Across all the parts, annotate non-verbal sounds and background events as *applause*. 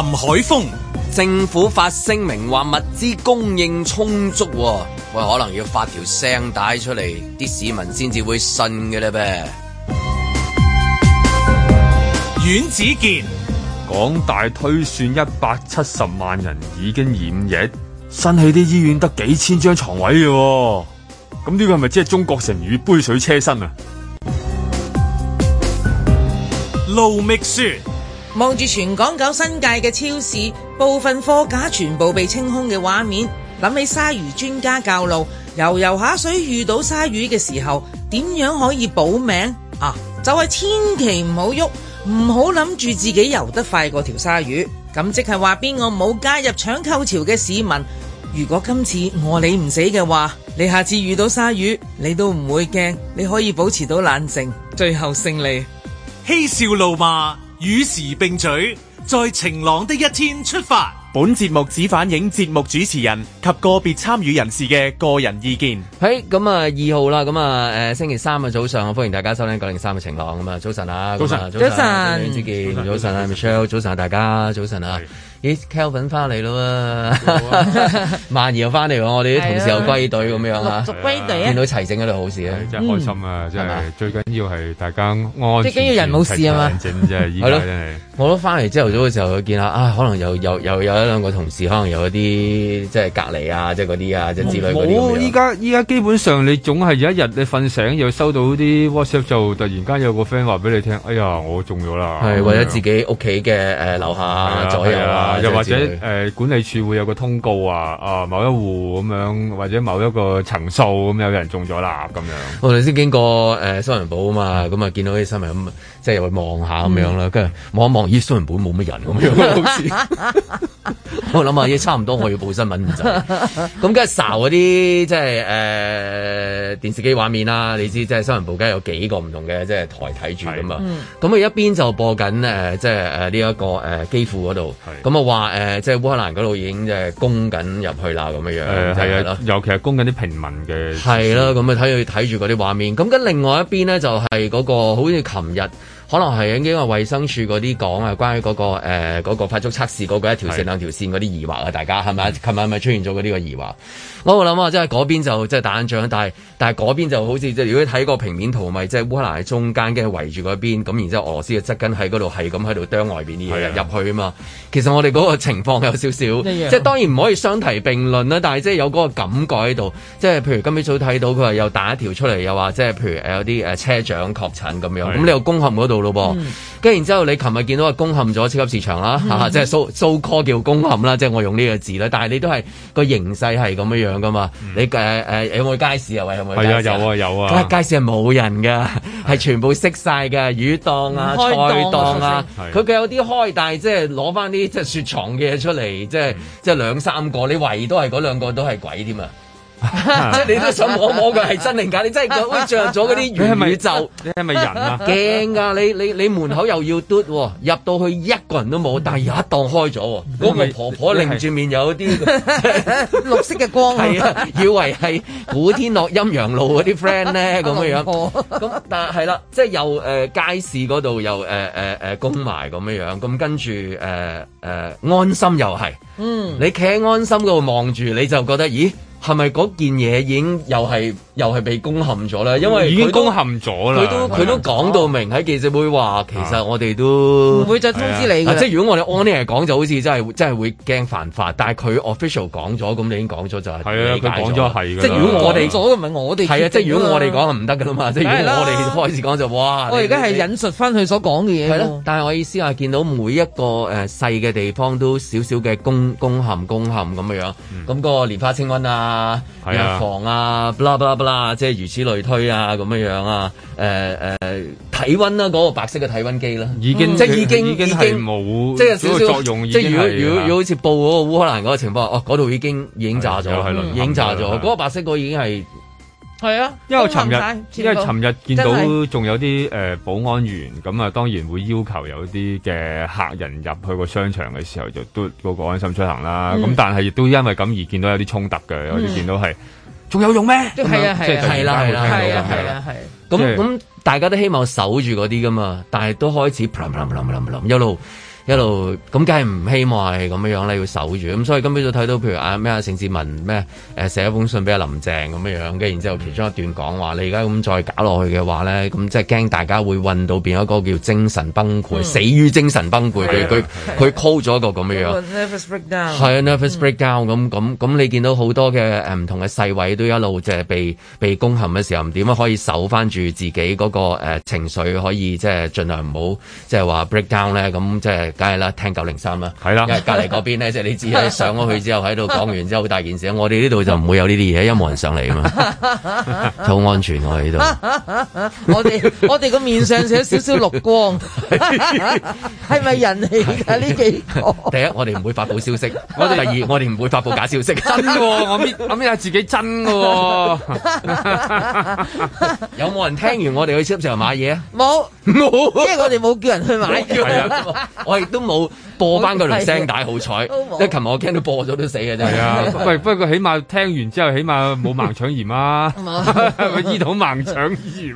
林海峰，政府發聲明話物資供應充足，喂，可能要發條聲帶出嚟，啲市民先至會信嘅啦噃。阮子健，港大推算一百七十萬人已經染疫，新起啲醫院得幾千張床位嘅，咁呢個係咪即係中國成語杯水車薪啊？盧覓雪。望住全港九新界嘅超市，部分貨架全部被清空嘅畫面，諗起鯊魚專家教路，游游下水遇到鯊魚嘅時候，點樣可以保命啊？就係千祈唔好喐，唔好諗住自己游得快過條鯊魚。咁即係話邊個冇加入搶購潮嘅市民，如果今次我你唔死嘅話，你下次遇到鯊魚，你都唔會驚，你可以保持到冷靜，最後勝利，嬉笑怒罵，與時並舉，在晴朗的一天出發。本節目只反映節目主持人及個別參與人士嘅個人意見 hey, ouais,。喺咁啊二號啦，咁啊誒星期三嘅早上，歡迎大家收聽九點三嘅晴朗。咁啊早晨啊、嗯，早晨，早晨，早晨，早晨啊 Michelle，早晨啊大家，早晨啊。嗯咦，Kelvin 翻嚟咯喎！啊啊、 *laughs* 萬兒又翻嚟喎，我哋啲同事又歸隊咁樣啊！陸續、啊、歸隊啊！見到齊整嗰度好事啊！真、係、開心啊！嗯、真係最緊要係大家安，即係最緊要人冇事啊嘛！齊整 *laughs* 真係依家真係。我覺得翻嚟朝頭早嘅時候，見下啊，可能又又有，有，有，有一兩個同事，可能有一啲即係隔離啊，即係嗰啲啊，即係之類嗰啲咁樣。依家依家基本上你總係有一日你瞓醒又收到啲 WhatsApp，就突然間有個 friend 話俾你聽，哎呀，我中咗啦！係或者自己屋企嘅誒樓下左右啊～又或者誒管理處會有個通告啊，啊某一戶咁樣，或者某一個層數咁有人中咗臘咁樣。我哋先經過誒、呃嗯、新聞報啊嘛，咁啊見到啲新聞咁，即係又去望下咁樣啦，跟住望一望咦，新聞報冇乜人咁、嗯、樣，好似 *laughs* *laughs* *laughs* 我諗啊，依差唔多我要報新聞就係、是、咁，跟住嗰啲即係誒電視機畫面啦，你知即係新聞報，梗係有幾個唔同嘅即係台睇住噶嘛，咁佢、嗯、一邊就播緊誒即係誒呢一個誒機庫嗰度，咁、呃。話誒、呃，即係烏克蘭嗰度已經即係攻緊入去啦，咁樣樣、就是，係啊，尤其係攻緊啲平民嘅。係啦，咁啊睇佢睇住嗰啲畫面，咁跟另外一邊呢，就係、是、嗰、那個好似琴日可能係因為衛生署嗰啲講啊，關於嗰、那個誒、呃那個快速測試嗰個一條綫兩條綫嗰啲疑惑啊，大家係咪琴日咪出現咗嗰啲個疑惑，我諗啊，即係嗰邊就即係打緊仗，但係。但係嗰邊就好似即係如果睇個平面圖咪即係烏克蘭喺中間，跟住圍住嗰邊，咁然之後俄羅斯嘅側跟喺嗰度，係咁喺度掟外邊啲嘢入去啊嘛。其實我哋嗰個情況有少少，即係當然唔可以相提並論啦。但係即係有嗰個感覺喺度，即係譬如今朝早睇到佢話又打一條出嚟，又話即係譬如有啲誒車長確診咁樣，咁你又攻陷嗰度咯噃。跟、嗯、然之後你琴日見到話攻陷咗超級市場啦，即係數科叫攻陷啦，即係我用呢個字啦。但係你都係個形勢係咁樣樣噶嘛？你誒誒誒有冇街市又、啊、喂？係啊，有啊，有啊！街市係冇人㗎，係、啊、全部熄晒㗎，魚檔啊、檔啊、菜檔啊，佢佢、啊啊、有啲開，但係即係攞翻啲即係雪藏嘅嘢出嚟，即係即係兩三個，你懷疑都係嗰兩個都係鬼添啊！ *laughs* *laughs* 即係你都想摸摸佢，係真定假？你真係好似着咗嗰啲宇宙？你係咪 *laughs* 人啊？驚㗎！你你你門口又要嘟喎入到去一個人都冇，但係有一檔開咗。我 *laughs* 個婆婆擰住面有啲 *laughs* *laughs* 綠色嘅的光、 *laughs* 啊，以為係古天樂陰陽路嗰啲 friend 咧咁樣樣。咁 *laughs* 但係係啦，即係又誒街市嗰度又誒誒誒供埋咁樣樣。咁跟住誒誒安心又係、嗯、你企喺安心嗰度望住，你就覺得咦？係咪嗰件嘢已經又係又係被攻陷咗啦？因為已經攻陷咗啦，佢都佢都講到明喺記者會話，其實我哋都唔、啊、會再通知你、啊嗯。即係如果我哋 online 講，就好似真係真係會驚犯法。但係佢 official 講咗，咁你已經你、啊、講咗就係。佢講咗係嘅。即係如果我哋咗，咪、啊、我哋係啊。即係如果我哋講，唔得噶啦嘛。即係如果我哋開始講就，哇、啊、始就哇。我而家係引述翻佢所講嘅嘢。係咯、啊。但係我意思係、就是、見到每一個誒細嘅地方都少少嘅攻攻陷、攻陷咁嘅樣。咁個蓮花清瘟啊！啊，藥房啊，bla bla bla，即係如此類推啊，咁樣樣啊，誒、啊、誒、啊啊啊，體溫啦，嗰、嗰個白色嘅體溫機啦，已經、嗯、即係已經已經冇，即係少少作用。即係如果如果如果好似報嗰個烏克蘭嗰個情況，哦、啊，嗰度已經已經炸咗，已經炸咗，嗰、嗯啊嗰個白色個已經係。係啊，因為尋日因為尋日見到仲有啲誒、呃、保安員，咁啊當然會要求有啲嘅客人入去個商場嘅時候，就都個、那個安心出行啦。咁、嗯、但係亦都因為咁而見到有啲衝突嘅，有、嗯、啲見到係仲有用咩？即係突然間聽到係啦，係、嗯、啦，係、啊。咁咁大家都希望守住嗰啲噶嘛，但係都開始一路。一路咁梗係唔希望係咁樣樣咧，要守住咁，所以今朝就睇到，譬如阿咩啊盛智文咩誒、啊、寫一封信俾阿林鄭咁樣樣嘅，然之後其中一段講話，你而家咁再搞落去嘅話咧，咁即係驚大家會暈到變一個叫精神崩潰、嗯、死於精神崩潰。佢佢佢 call 咗一個咁樣樣。係啊，nervous breakdown 咁咁咁，嗯、你見到好多嘅誒唔同嘅勢位都一路即係被被攻陷嘅時候，點樣可以守翻住自己嗰個、呃、情緒，可以即係儘量唔好即係話 breakdown 咧？咁即係。就是梗係啦，聽九零三啦，係啦，隔籬嗰邊咧，即係你知，你上咗去之後喺度講完之後好大件事。我哋呢度就唔會有呢啲嘢，因為冇人上嚟啊嘛，好安全、啊、 *laughs* 我喺度。我哋我哋個面上寫少少綠光，係 *laughs* 咪人嚟噶呢幾？第一，我哋唔會發布消息；我 *laughs* 哋第二，我哋唔會發布假消息。 *laughs* 真嘅、哦，我搣下自己真嘅、哦。 *laughs* 有冇人聽完我哋去 Shop 上買嘢啊？冇冇，因為我哋冇叫人去買。都冇播翻條聲帶，好彩。一琴日我驚到播咗都死嘅啫。係啊，喂，不過起碼聽完之後，起碼冇盲腸炎啊，係咪醫肚盲腸炎？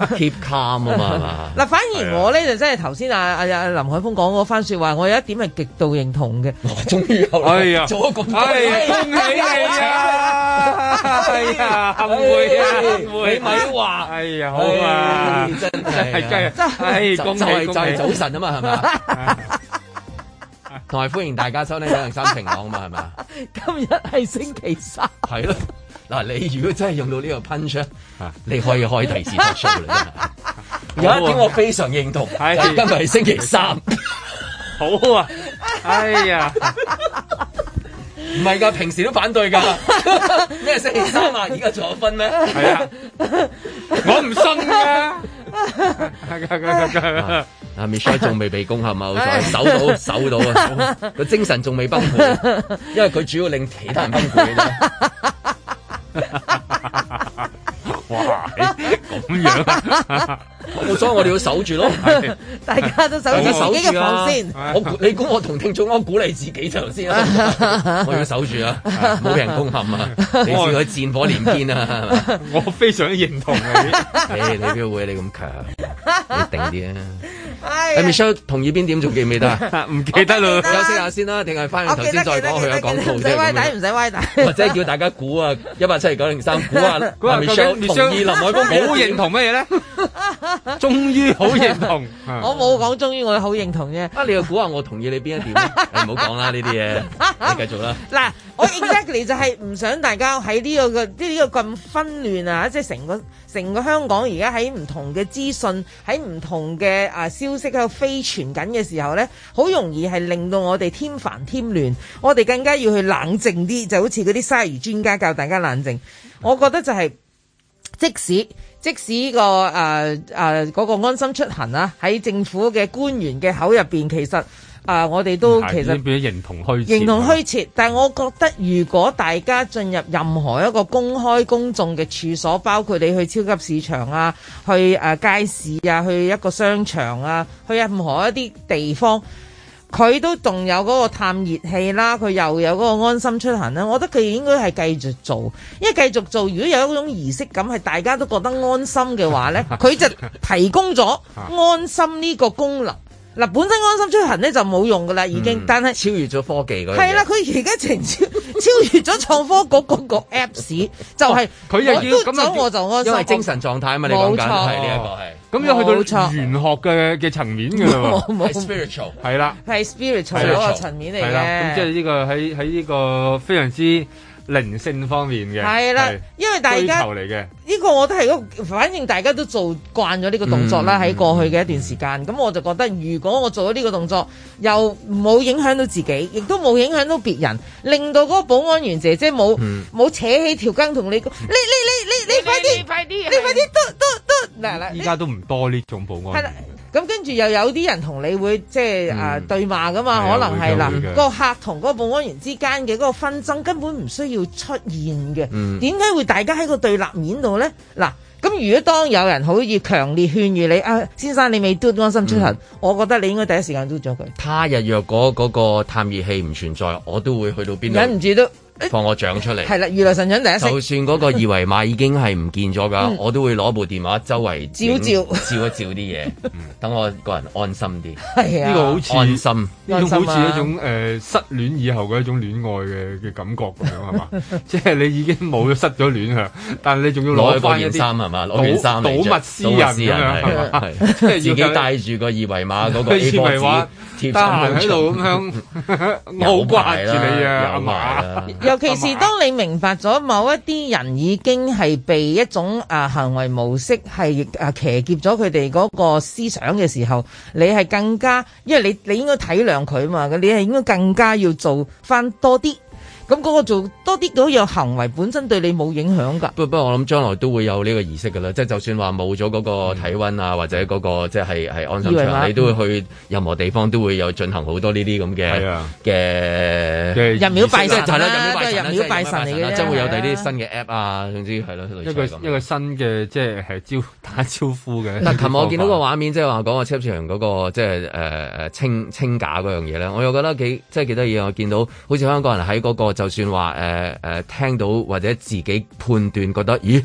Keep calm 啊嘛，嗱，反而我咧就真係頭先阿阿阿林海峰講嗰番説話，我有一點係極度認同嘅。我終於有，哎呀，我咁，哎呀，恭喜你啊，係啊，幸會啊，幸會，你咪話，哎呀，好啊，真係真係真係，就係就係早晨啊嘛，係嘛，同埋歡迎大家收聽《九零三晴朗》啊嘛，係嘛，今日係星期三，係啦。嗱，你如果真係用到呢個噴槍，你可以開第四個 show、 *laughs* 啊、有一點我非常認同，係今日係星期三， *laughs* 好啊！哎呀，唔係㗎，平時都反對㗎。咩 *laughs* 星期三啊？而家仲有分咩？係啊，我唔信㗎。啊 *laughs* 阿、 *laughs* *laughs* ah, Michelle 仲未被攻下嘛？好彩 *laughs* 守到守到 *laughs* 啊！個精神仲未崩潰，因為佢主要令其他人崩潰啫。 *laughs* 哈哈哈哈哈哈！哇，咁樣， *laughs* 所以我哋要守住咯。 *laughs* 大家都守住自己我，先、啊先啊、我你估我同聽眾安鼓勵自己就先啦、啊。我要守住啊，冇 *laughs* 俾人攻陷啊， *laughs* 你試佢戰火連天啊。我非常認同你、啊 *laughs* 哎。你，會你，麼你點會你咁強？要定啲啊。阿、 *laughs* 哎、Michelle 同意邊點仲記唔記得， *laughs* 記得，記得啊？唔記得咯，休息下先啦，定係翻個頭先再講佢有講到先。唔底，唔使歪底。或者叫大家估啊，一八七二九零三，估啊。而林海峰好認同咩嘢咧？終於好認同， *laughs* *laughs* 我冇講終於，我好認同啫。啊， *laughs* 你又估下我同意你邊一點？唔好講啦，呢啲嘢，你繼續啦。嗱，我 Exactly *laughs* 就係唔想大家喺呢個嘅呢個咁紛亂啊，即係成個成個香港而家喺唔同嘅資訊喺唔同嘅啊消息喺度飛傳緊嘅時候咧，好容易係令到我哋添煩添亂。我哋更加要去冷靜啲，就好似嗰啲鯊魚專家教大家冷靜。我覺得就係。 *laughs* 即使即使呢、這個誒誒、呃啊那個、安心出行啊，喺政府嘅官員嘅口入邊，其實誒、呃、我哋都其實形同虛形同虛設。但係我覺得，如果大家進入任何一個公開公眾嘅處所，包括你去超級市場啊，去誒、呃、街市啊，去一個商場啊，去任何一啲地方。佢都仲有嗰個探熱器啦，佢又有嗰個安心出行咧，我覺得佢應該係繼續做，因為繼續做，如果有一種儀式感係大家都覺得安心嘅話咧，佢就提供咗安心呢個功能。嗱，本身安心出行咧就冇用噶啦，已經、嗯、但係超越咗科技嗰，係啦，佢而家成超超越咗創科局個個 apps， *laughs* 就係佢又要咁我就啊，因為精神狀態啊嘛，嗯、你講緊係呢一個係，咁、哦、要、這個哦、去到玄學嘅嘅、嗯、層面㗎喎，係 *laughs* spiritual，係啦，係 spiritual 嗰個層面嚟嘅，咁即係呢、這個喺喺呢個非常之。靈性方面嘅，係啦，因為大家追求嚟嘅呢個我都係，反正大家都做慣咗呢個動作啦。喺、嗯、過去嘅一段時間，咁、嗯、我就覺得，如果我做咗呢個動作，又冇影響到自己，亦都冇影響到別人，令到嗰個保安員姐姐冇冇、嗯、扯起條筋同你，你你你你你快啲，快啲，你快啲都都都，嗱嗱，依家都唔多呢種保安。咁跟住又有啲人同你會即係誒對罵㗎嘛？可能係嗱、嗰個客同個個保安員之間嘅嗰個紛爭根本唔需要出現嘅，點、嗯、解會大家喺個對立面度咧？嗱，咁如果當有人好似強烈勸喻你啊，先生你未嘟安心出行、嗯，我覺得你應該第一時間嘟咗佢。他日若果嗰、嗰個探熱器唔存在，我都會去到邊度？忍唔住都。放我獎出嚟，係啦！如來神掌第一。就算嗰個二維碼已經係唔見咗噶、嗯，我都會攞部電話周圍照照照一照啲嘢，等、嗯、我個人安心啲。係、這個、啊，呢個好似心，呢種好似一種誒失戀以後嘅一種戀愛嘅嘅感覺咁樣係嘛？ *laughs* 即係你已經冇咗失咗戀啊，但係你仲要攞翻一啲。攞翻件衫係嘛，攞件衫嚟着。保密私隱咁樣係嘛？即係要帶住個二維碼嗰個 A 得閒喺度咁樣，好掛住你啊！尤其是當你明白咗某一啲人已經係被一種啊行為模式係啊騎劫咗佢哋嗰個思想嘅時候，你係更加，因為你你應該體諒佢啊嘛，你係應該更加要做翻多啲。咁、那、嗰個做多啲都有行為，本身對你冇影響㗎。不過不過，我諗將來都會有呢個儀式㗎啦。即係就算話冇咗嗰個體温啊、嗯，或者嗰個即係係安心場，你都會去任何地方都會有進行好多呢啲咁嘅嘅入廟拜神啦、啊，入、啊、廟拜神嚟、啊、嘅。即係、就是啊就是啊啊、會有第啲新嘅 app 啊，總之係咯，一個一個新嘅即係招打招呼嘅。嗱，琴日我見到個畫面， *laughs* 即係話講話超視場嗰、那個即係誒清清假嗰樣嘢呢。我又覺得幾即係幾得意。我見到好似香港人喺嗰、那個。就算話誒、誒聽到，或者自己判斷覺得，咦？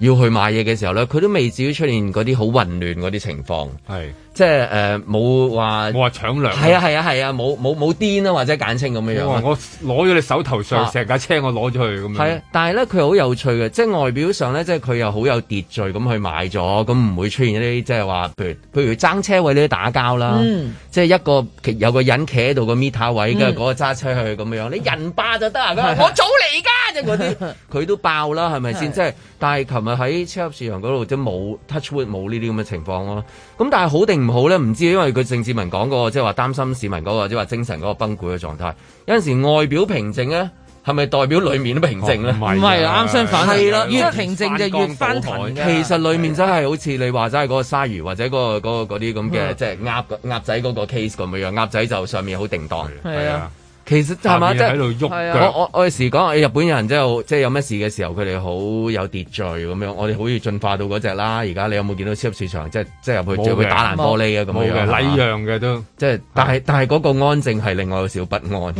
要去買嘢嘅時候咧，佢都未至於出現嗰啲好混亂嗰啲情況，係即係誒冇話冇話搶糧、啊，係啊係啊係啊冇冇冇癲啊或者簡稱咁樣樣，我攞咗你手頭上成、啊、架車我去，我攞咗佢咁樣。係啊，但係咧佢好有趣嘅，即係外表上咧，即係佢又好有秩序咁去買咗，咁、嗯、唔會出現一啲即係話，譬如譬如爭車位呢啲打交啦、嗯，即係一個有個人企喺度個 meter 位，跟住嗰個揸車去咁樣樣，你人霸就得啊， *laughs* 我早嚟㗎。 *laughs* 啲 *laughs* 佢都爆啦，係咪先？即係、就是，但係琴日喺超級市場嗰度都冇 touch wood 冇、啊、呢啲咁嘅情況咯。咁但係好定唔好咧？唔知，因為佢鄭志文講過，即係話擔心市民嗰、那個即係話精神嗰個崩潰嘅狀態。有陣時外表平靜咧，係咪代表裏面都平靜咧？唔係啱相反係啦，越平靜就越翻台。其實裏面真係好似你話齋嗰個鯊魚或者、那個、那個嗰啲咁嘅，即係鴨鴨仔嗰個 case 咁嘅樣。鴨仔就上面好定當係啊。其實係咪？即係喺度喐嘅。我我我有時講，日本人真係即係有咩事嘅時候，佢哋好有秩序咁樣。我哋好易進化到嗰隻啦。而家你有冇見到超級市場，即係即係入去就會打爛玻璃嘅咁樣。冇嘅，禮讓嘅都。即係，但係但係嗰個安靜係令我有少不安 *laughs* *laughs* *laughs*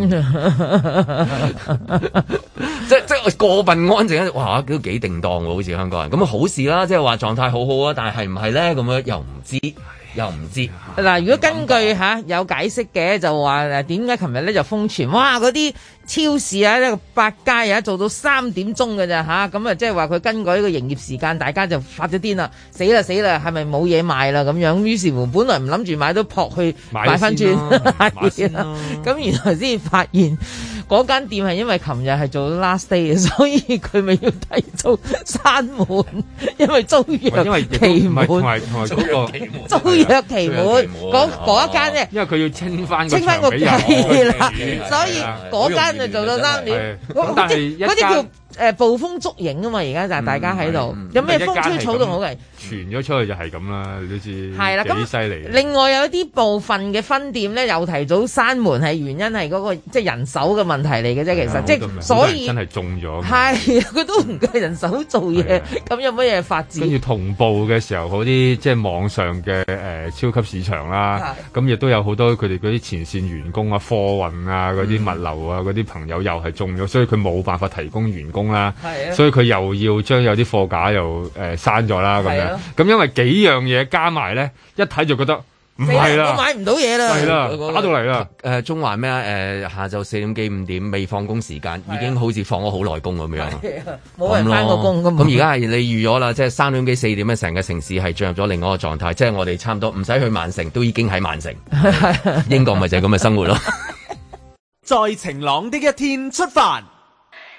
即。即即過分安靜哇，都幾定當喎，好似香港人。咁好事啦、啊，即係話狀態好好啊，但係唔係咧？咁樣又唔知。又唔知嗱、啊，如果根據嚇、啊、有解釋嘅，就話誒點解琴日咧就瘋傳哇？嗰啲超市啊，呢個百佳啊，做到三點鐘㗎咋嚇，咁啊即係話佢根據呢個營業時間，大家就發咗癲啦，死啦死啦，係咪冇嘢賣啦咁樣？於是乎，本來唔諗住買都撲去買翻轉，咁原來先發現。嗰間店係因為琴日係做 last day，所以佢咪要提早閂門，因為租約期滿。租約期滿，嗰嗰間咧，因為佢要清翻清翻個計啦，所以嗰間就做到三點。咁但係一間。誒、呃、暴風觸影啊嘛！而家就大家喺度、嗯，有咩風吹草動好嘅，傳咗出去就係咁啦。你都知幾犀利？另外有一啲部分嘅分店咧，又提早閂門，係原因係嗰、那個即係人手嘅問題嚟嘅啫。其實即係所以真係中咗，係佢都唔夠人手做嘢，咁有乜嘢發展？跟住同步嘅時候，嗰啲即係網上嘅誒、呃、超級市場啦，咁亦都有好多佢哋嗰啲前線員工貨運啊、貨運啊、嗰啲物流啊、嗰、嗯、啲朋友又係中咗，所以佢冇辦法提供員工。啦、啊，所以佢又要將有啲貨架又誒刪咗啦，咁、呃啊、樣咁、啊、因為幾樣嘢加埋咧，一睇就覺得唔係啦，買唔到嘢啦，係啦、啊那個，打到嚟啦。誒、呃，中環咩？誒、呃，下晝四點幾五點未放工時間，已經好似放咗好耐工咁、啊、樣，冇、啊、人返個工咁。咁而家係你預咗啦，即、就、係、是、三點幾四點啊，成個城市係進入咗另外一個狀態，即 *laughs* 係我哋差唔多唔使去曼城，都已經喺曼城。 *laughs* 英國咪就係咁嘅生活咯。 *laughs* 在晴朗的一天出發。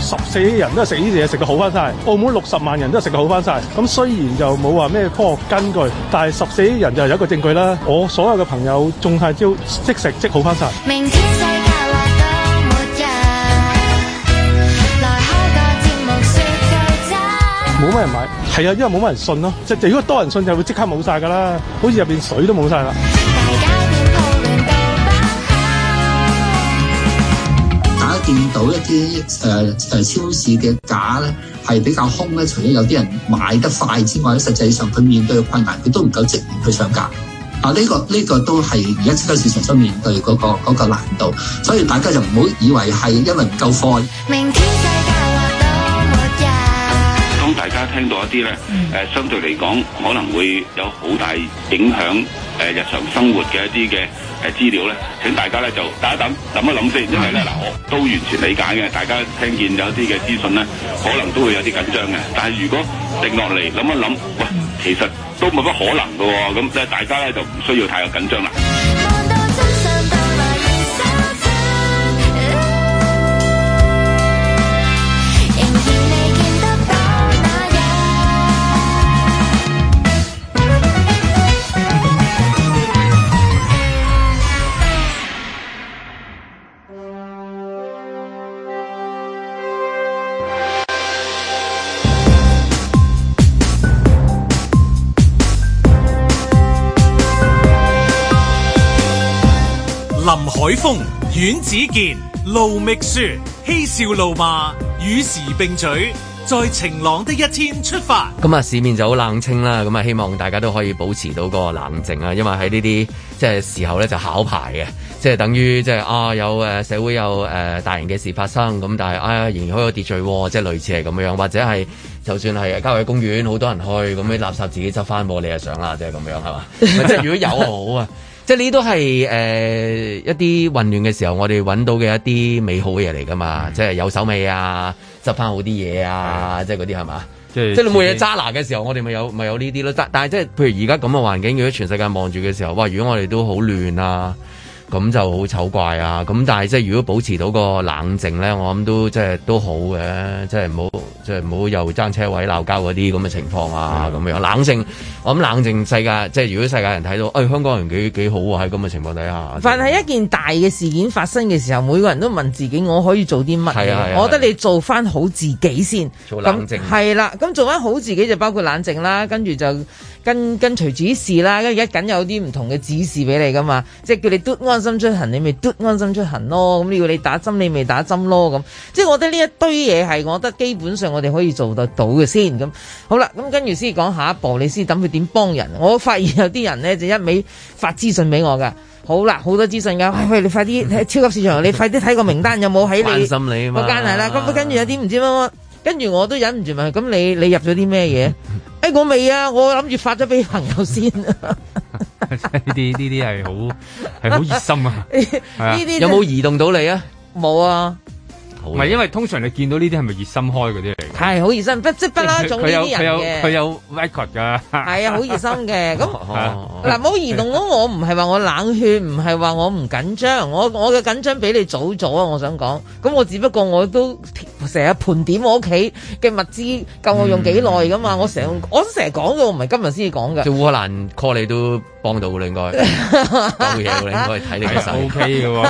十四億人都係食呢啲嘢，食到好翻晒，澳門六十萬人都係食到好翻晒。咁雖然就冇話咩科學根據，但係十四億人就係有一個證據啦。我所有嘅朋友仲係招即食即好翻晒。明天世界目冇乜人買，係啊，因為冇乜人信咯、啊。即即如果多人信就會即刻冇晒噶啦，好似入邊水都冇晒啦。大家見到一啲誒誒超市嘅架咧，係比較空咧。除咗有啲人買得快之外咧，實際上佢面對嘅困難，佢都唔夠資源去上架。啊、呢個，呢個呢個都係而家超級市場所面對嗰、嗰個嗰、嗰個、難度。所以大家就唔好以為係因為唔夠貨。明天世界聽到一啲咧，誒、呃、相對嚟講可能會有好大影響誒、呃、日常生活嘅一啲嘅誒資料咧，請大家咧就等一等，諗一諗先，因為咧嗱，我、呃、都完全理解嘅，大家聽見有啲嘅資訊咧，可能都會有啲緊張嘅，但係如果定落嚟諗一諗，喂，其實都冇乜可能㗎喎、哦，咁咧大家咧就唔需要太過緊張啦。許峰、阮子健、盧覓雪嬉笑怒罵與時並舉，在晴朗的一天出發。咁啊，市面就好冷清啦。咁啊，希望大家都可以保持到個冷靜啊，因為喺呢啲即係時候咧就考牌嘅，即係等於即係啊有誒社會有誒大型嘅事發生咁，但係呀，仍然好有秩序，即係類似係咁樣，或者係就算係郊野公園好多人去，咁你垃圾自己執翻冇，你啊想啦，即係咁樣係嘛？即 *laughs* 係如果有好啊！即係呢啲都係誒、呃、一啲混亂嘅時候，我哋揾到嘅一啲美好嘅嘢嚟㗎嘛，嗯、即係有手尾啊，執翻好啲嘢啊，即係嗰啲係嘛，即係你冇嘢揸拿嘅時候我，我哋咪有咪有呢啲咯。但係即係譬如而家咁嘅環境，如果全世界望住嘅時候，哇！如果我哋都好亂啊，咁就好醜怪啊。咁但係即係如果保持到個冷靜咧，我諗都即係都好嘅，即係唔好。即係唔好又爭車位鬧交嗰啲咁嘅情況啊，咁樣冷靜，我諗冷靜世界，即係如果世界人睇到，誒、香港人幾幾好喎，喺咁嘅情況底下。凡係一件大嘅事件發生嘅時候，每個人都問自己，我可以做啲乜？係啊，係啊，係啊。我覺得你做翻好自己先，做冷靜係啦。咁做翻好自己就包括冷靜啦，跟住就。跟跟隨指示啦，跟住一緊有啲唔同嘅指示俾你噶嘛，即係叫你嘟安心出行，你咪嘟安心出行咯。咁你要你打針，你咪打針咯。咁即係我覺得呢一堆嘢係，我覺得基本上我哋可以做得到嘅先。咁好啦，咁跟住先講下一步，你先等佢點幫人。我發現有啲人咧就一味發資訊俾我噶。好啦，好多資訊噶，喂、哎、喂，你快啲睇超級市場，你快啲睇個名單有冇喺你嗰間係啦。咁跟住有啲唔知乜乜。跟住我都忍唔住問：咁你你入咗啲咩嘢？誒、 *laughs* 哎，我未啊，我諗住發咗俾朋友先。呢啲呢啲係好係好熱心啊！呢 *laughs* 啲、啊、有冇、啊、移動到你啊？冇啊！唔係，因為通常你見到呢啲係咪熱心開嗰啲嚟？係好熱心不，即不啦。總呢啲人佢有 record 噶。係啊，好熱心嘅。咁 *laughs* 嗱，冇、哦、移、哦哦啊、動到我唔係話我冷血，唔係話我唔緊張。我我嘅緊張俾你早咗啊！我想講，咁我只不過我都成日盤點我屋企嘅物資夠我用幾耐㗎嘛。我成我成日講嘅，唔係今日先至講嘅。就烏克蘭 call 你都。幫到你應該，夠嘢你應該你，睇你嘅手。OK 㗎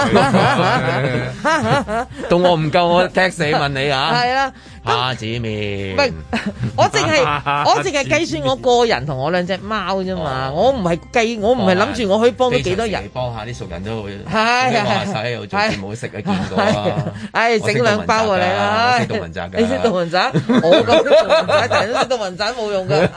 喎，到我唔夠我踢死問你啊！係啊。孖、啊子, *laughs* 啊、子面，我淨係我淨係計算我個人同我兩隻貓啫嘛，我唔係計，我唔係諗住我可以幫到幾多人，幫下啲熟人都會係啊，使唔好食啊，見到，唉，整兩包過你啦，識 *laughs* 讀覺得 *laughs* 文摘你識杜文摘，我讀文摘，讀文摘冇用噶，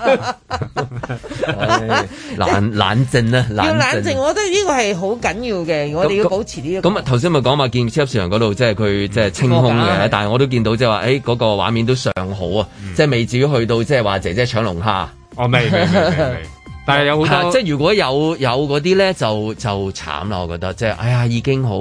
冷靜、啊、冷靜啦，要冷靜，我覺得呢個係好緊要嘅，我哋要保持呢、這個。咁啊，頭先咪講嘛，見超級市場嗰度即係佢即係清空嘅，但係我都見到即係話，誒嗰個。畫面都尚好啊，嗯、即係未至於去到即係話姐姐搶龍蝦，我、哦、未，未，未，未 *laughs* 但係有好多、啊、即係如果有有嗰啲咧就就慘啦，我覺得即係哎呀已經好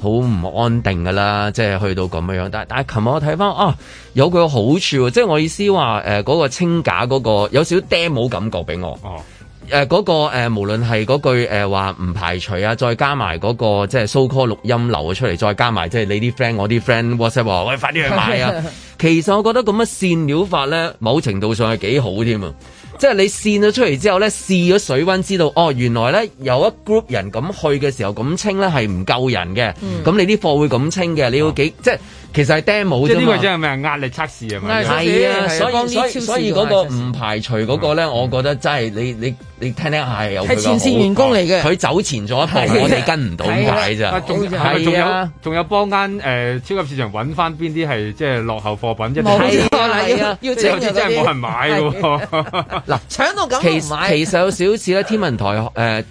好唔安定噶啦，即係去到咁樣樣，但係但係琴日我睇翻哦有佢個好處、啊，即係我意思話誒嗰個清假嗰、嗰個有少少 demo 感覺俾我。哦誒、呃，嗰、那個誒、呃，無論係嗰句誒話唔排除啊，再加埋嗰、那個即係 so call 錄音流啊出嚟，再加埋即係你啲 friend，我啲 friend，WhatsApp 話喂，快啲去買啊！ *laughs* 其實我覺得咁樣線料法咧，某程度上係幾好添啊！ *laughs* 即係你扇咗出嚟之後咧，試咗水溫，知道哦，原來咧有一 group 人咁去嘅時候咁清咧係唔夠人嘅，咁、嗯、你啲貨會咁清嘅，你要幾、嗯、即係其實係 demo 啫。即係呢個真係咪壓力測試啊？嘛係啊，所以所以所以，所以，所以個唔排除個咧、嗯，我覺得真係你你。你你聽聽下係有，係、哎、前線員工嚟嘅。佢走前咗一步，我哋跟唔到解咋。係仲有，仲有幫間誒超級市場揾翻邊啲係即係落後貨品啫。冇錯啦，要要有，有啲真係冇人買喎。嗱、啊，搶到咁，其實其實有少少似咧天文台誒颱、呃、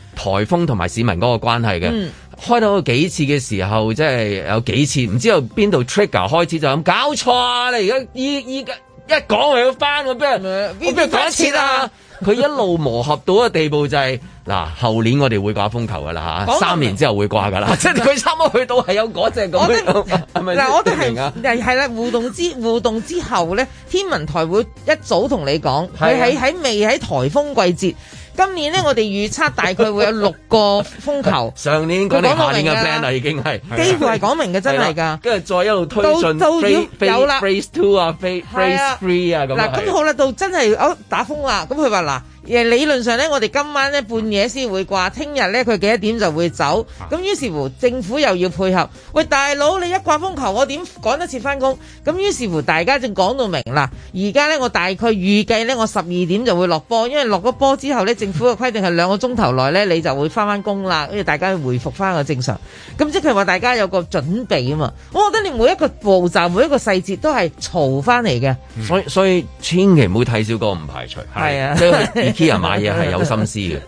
風同埋市民嗰個關係嘅，嗯。開到幾次嘅時候，即係有幾次唔知道邊度 trigger 開始就咁搞錯啊！你而家依依家一講就要翻，我邊人邊人講錯啊？佢 *laughs* 一路磨合到一個地步就係、是、嗱，後年我哋會掛風球㗎啦，三年之後會掛㗎啦， *laughs* 即係佢差唔多去到係有嗰隻咁。嗱，我哋係係啦互動之互動之後咧，天文台會一早同你講，佢喺喺未喺颱風季節。 *laughs* 今年咧，我哋預測大概會有六個風球。 *laughs* 上年講完下年嘅 plan 啦，已經係幾乎係講明嘅，真係，噶。跟住再一路推進，都要 Phrase, Phrase, 有啦。Phase two 啊，Phase three 啊，咁嗱，咁好啦，到真係哦，打風啦，啊。咁佢話嗱。理論上呢，我哋今晚呢半夜先會掛，聽日呢，佢幾多點就會走。咁於是乎政府又要配合。喂，大佬你一掛風球，我點趕得切翻工？咁於是乎大家就講到明啦。而家呢，我大概預計呢，我十二點就會落波，因為落咗波之後呢，政府嘅規定係兩個鐘頭內呢，你就會翻翻工啦。跟住大家回復翻個正常。咁即係話大家有個準備啊嘛。我覺得你每一個步驟、每一個細節都係嘈翻嚟嘅。所以所以千祈唔好睇小個唔排除。係啊。 *laughs* 啲人買嘢係有心思嘅，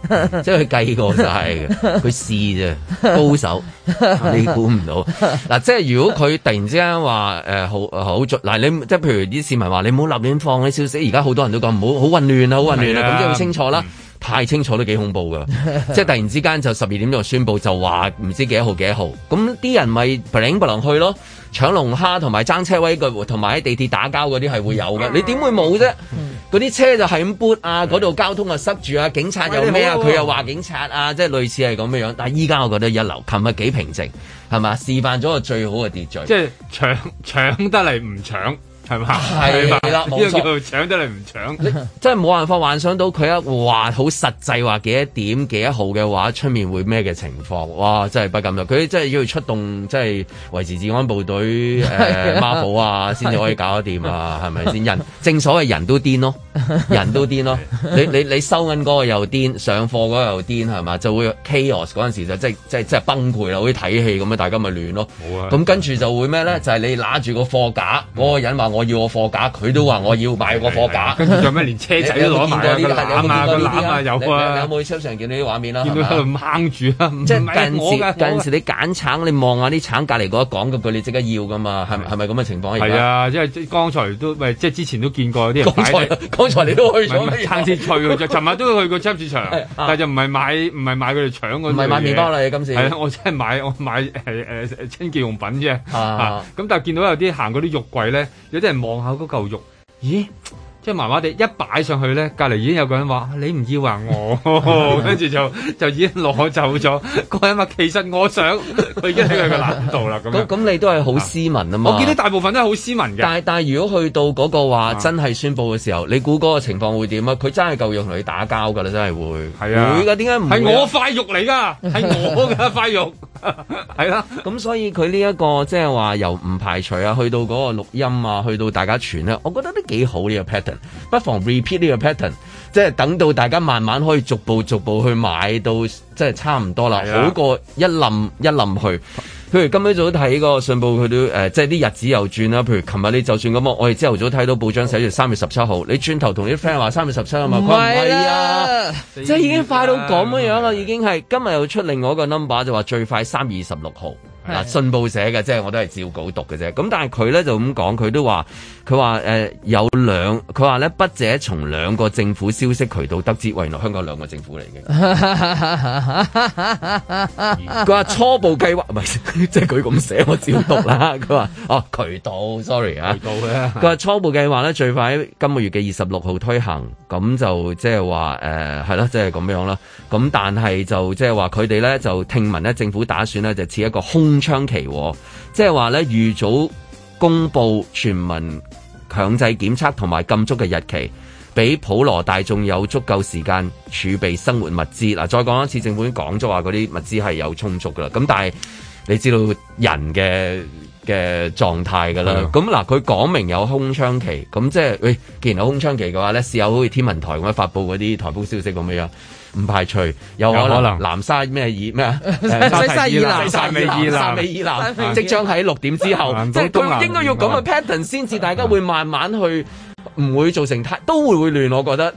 *laughs* 即係佢計過就係，佢試啫，高手 *laughs* 你估唔到。嗱、啊，即係如果佢突然之間話誒、呃、好好嗱、啊、你即係譬如啲市民話你唔好立亂放啲消息，而家好多人都講唔好好混亂啊，好混亂，好混亂啊，咁即係清楚啦、嗯，太清楚都幾恐怖㗎。 *laughs* 即係突然之間就十二點就宣佈就話唔知幾多號幾多號，咁啲人咪不冷不涼去咯，搶龍蝦同埋爭車位，同埋喺地鐵打交嗰啲係會有嘅，你點會冇啫？ *laughs* 嗰啲車就係咁撥啊，嗰度交通啊塞住啊，警察又咩啊，佢又話警察啊，即係類似係咁嘅樣。但係依家我覺得一流，琴日幾平靜，係嘛？示範咗個最好嘅秩序，即係搶搶得嚟唔搶。係嘛？係啦，冇錯、這個、叫搶搶「搶 *laughs* 得你唔搶，真係冇辦法幻想到佢一哇好實際話幾多點幾多號嘅話，出面會咩嘅情況？哇，真係不敢諗。佢真係要出動，即係維持治安部隊誒，孖 *laughs* 保、呃、啊，先至可以搞得掂啊，係咪先？人正所謂人都癲咯，人都癲咯。 *laughs* 你你你收緊嗰個又癲，上課嗰個又癲，係嘛？就會 chaos 嗰陣時就即係即係即係崩潰啦，好似睇戲咁啊！大家咪亂咯。冇咁、啊、跟住就會咩咧？ *laughs* 就係你拿住個貨架，嗰 *laughs* 個人話。我要，我貨我要個貨架，佢都話我要買個貨架，跟住咩連車仔都攞埋 *laughs* 啊！個籃啊，個籃啊，啊，有啊！有冇、啊啊、去超市見到啲畫面啦？見到喺度掹住啊。即係、啊、近時近時，近時你揀橙，你望下啲橙隔離嗰一講咁佢你即刻要㗎嘛？係係咪咁嘅情況？係啊，即、就、係、是、剛才都咪即係之前都見過有啲人。剛才剛才你都去咗。爭、嗯、啲脆咗，尋 *laughs* 晚都去過市場，啊、但就唔係買唔係買佢哋搶嗰啲。唔係買麵包啦，你今次。係啊，我真係買我買清潔用品啫。咁但係見到有啲行嗰啲肉櫃咧，即係望下嗰嚿肉，咦？即係麻麻地一擺上去咧，隔離已經有個人話：你唔要話、啊、我，跟 *laughs* 住就就已經攞走咗。嗰 *laughs* 個人話：其實我想，佢已經喺佢個難度啦。咁咁，你都係好斯文啊嘛！ *laughs* 我見到大部分都係好斯文嘅。但係但如果去到嗰個話真係宣布嘅時候， *laughs* 你估嗰個情況會點啊？佢真係夠肉同你打交㗎啦！真係會、啊，會呀，點解唔係我塊肉嚟㗎？係我嘅塊肉，係 *laughs* 啦是、啊。咁 *laughs* 所以佢呢一個即係話由唔排除啊，去到嗰個錄音啊，去到大家傳咧，我覺得都幾好呢、呢個 pattern。不妨 repeat 呢個 pattern，即係等到大家慢慢可以逐步逐步去買到，即係差唔多啦，好過一冧一冧去。譬如今日早睇個信報，佢都誒，即係啲日子又轉啦。譬如琴日你就算咁，我我哋朝頭早睇到報章寫住三月十七號，你轉頭同啲 friend 話三月十七啊嘛，唔係啊，即係已經快到咁樣樣啦，已經係今日又出另外一個 number 就話最快三月十六號。嗱，信報寫嘅，即係我都係照稿讀嘅啫。咁但係佢咧就咁講，佢都話佢話誒有兩佢話咧筆者從兩個政府消息渠道得知，原來香港兩個政府嚟嘅。佢 *laughs* 話初步計劃唔係即係佢咁寫，我照讀啦。佢 *laughs* 話哦，渠道，sorry 啊，渠道咧，佢話、啊、初步計劃咧，最快喺今個月嘅二十六號推行，咁就即係話誒係啦即係咁樣啦。咁但係就即係話佢哋咧就聽聞咧政府打算咧就設一個空。空窗期，即係話呢預早公布全民強制檢測同埋禁足嘅日期，俾普羅大眾有足夠時間儲備生活物資。嗱，再講一次，政府已經講咗話嗰啲物資係有充足噶啦。咁但係你知道人嘅嘅狀態噶啦。咁嗱，佢講明有空窗期，咁即係喂、哎，既然有空窗期嘅話呢是有好似天文台咁樣發布嗰啲台風消息咁樣？唔排除有可能南沙咩以咩啊？ *laughs* 西沙以南，西沙以南，西沙以南，即將喺六點之後， *laughs* 即係佢應該要咁嘅 pattern 先至，大家會慢慢去，唔會造成太 *laughs* 都會會亂，我覺得。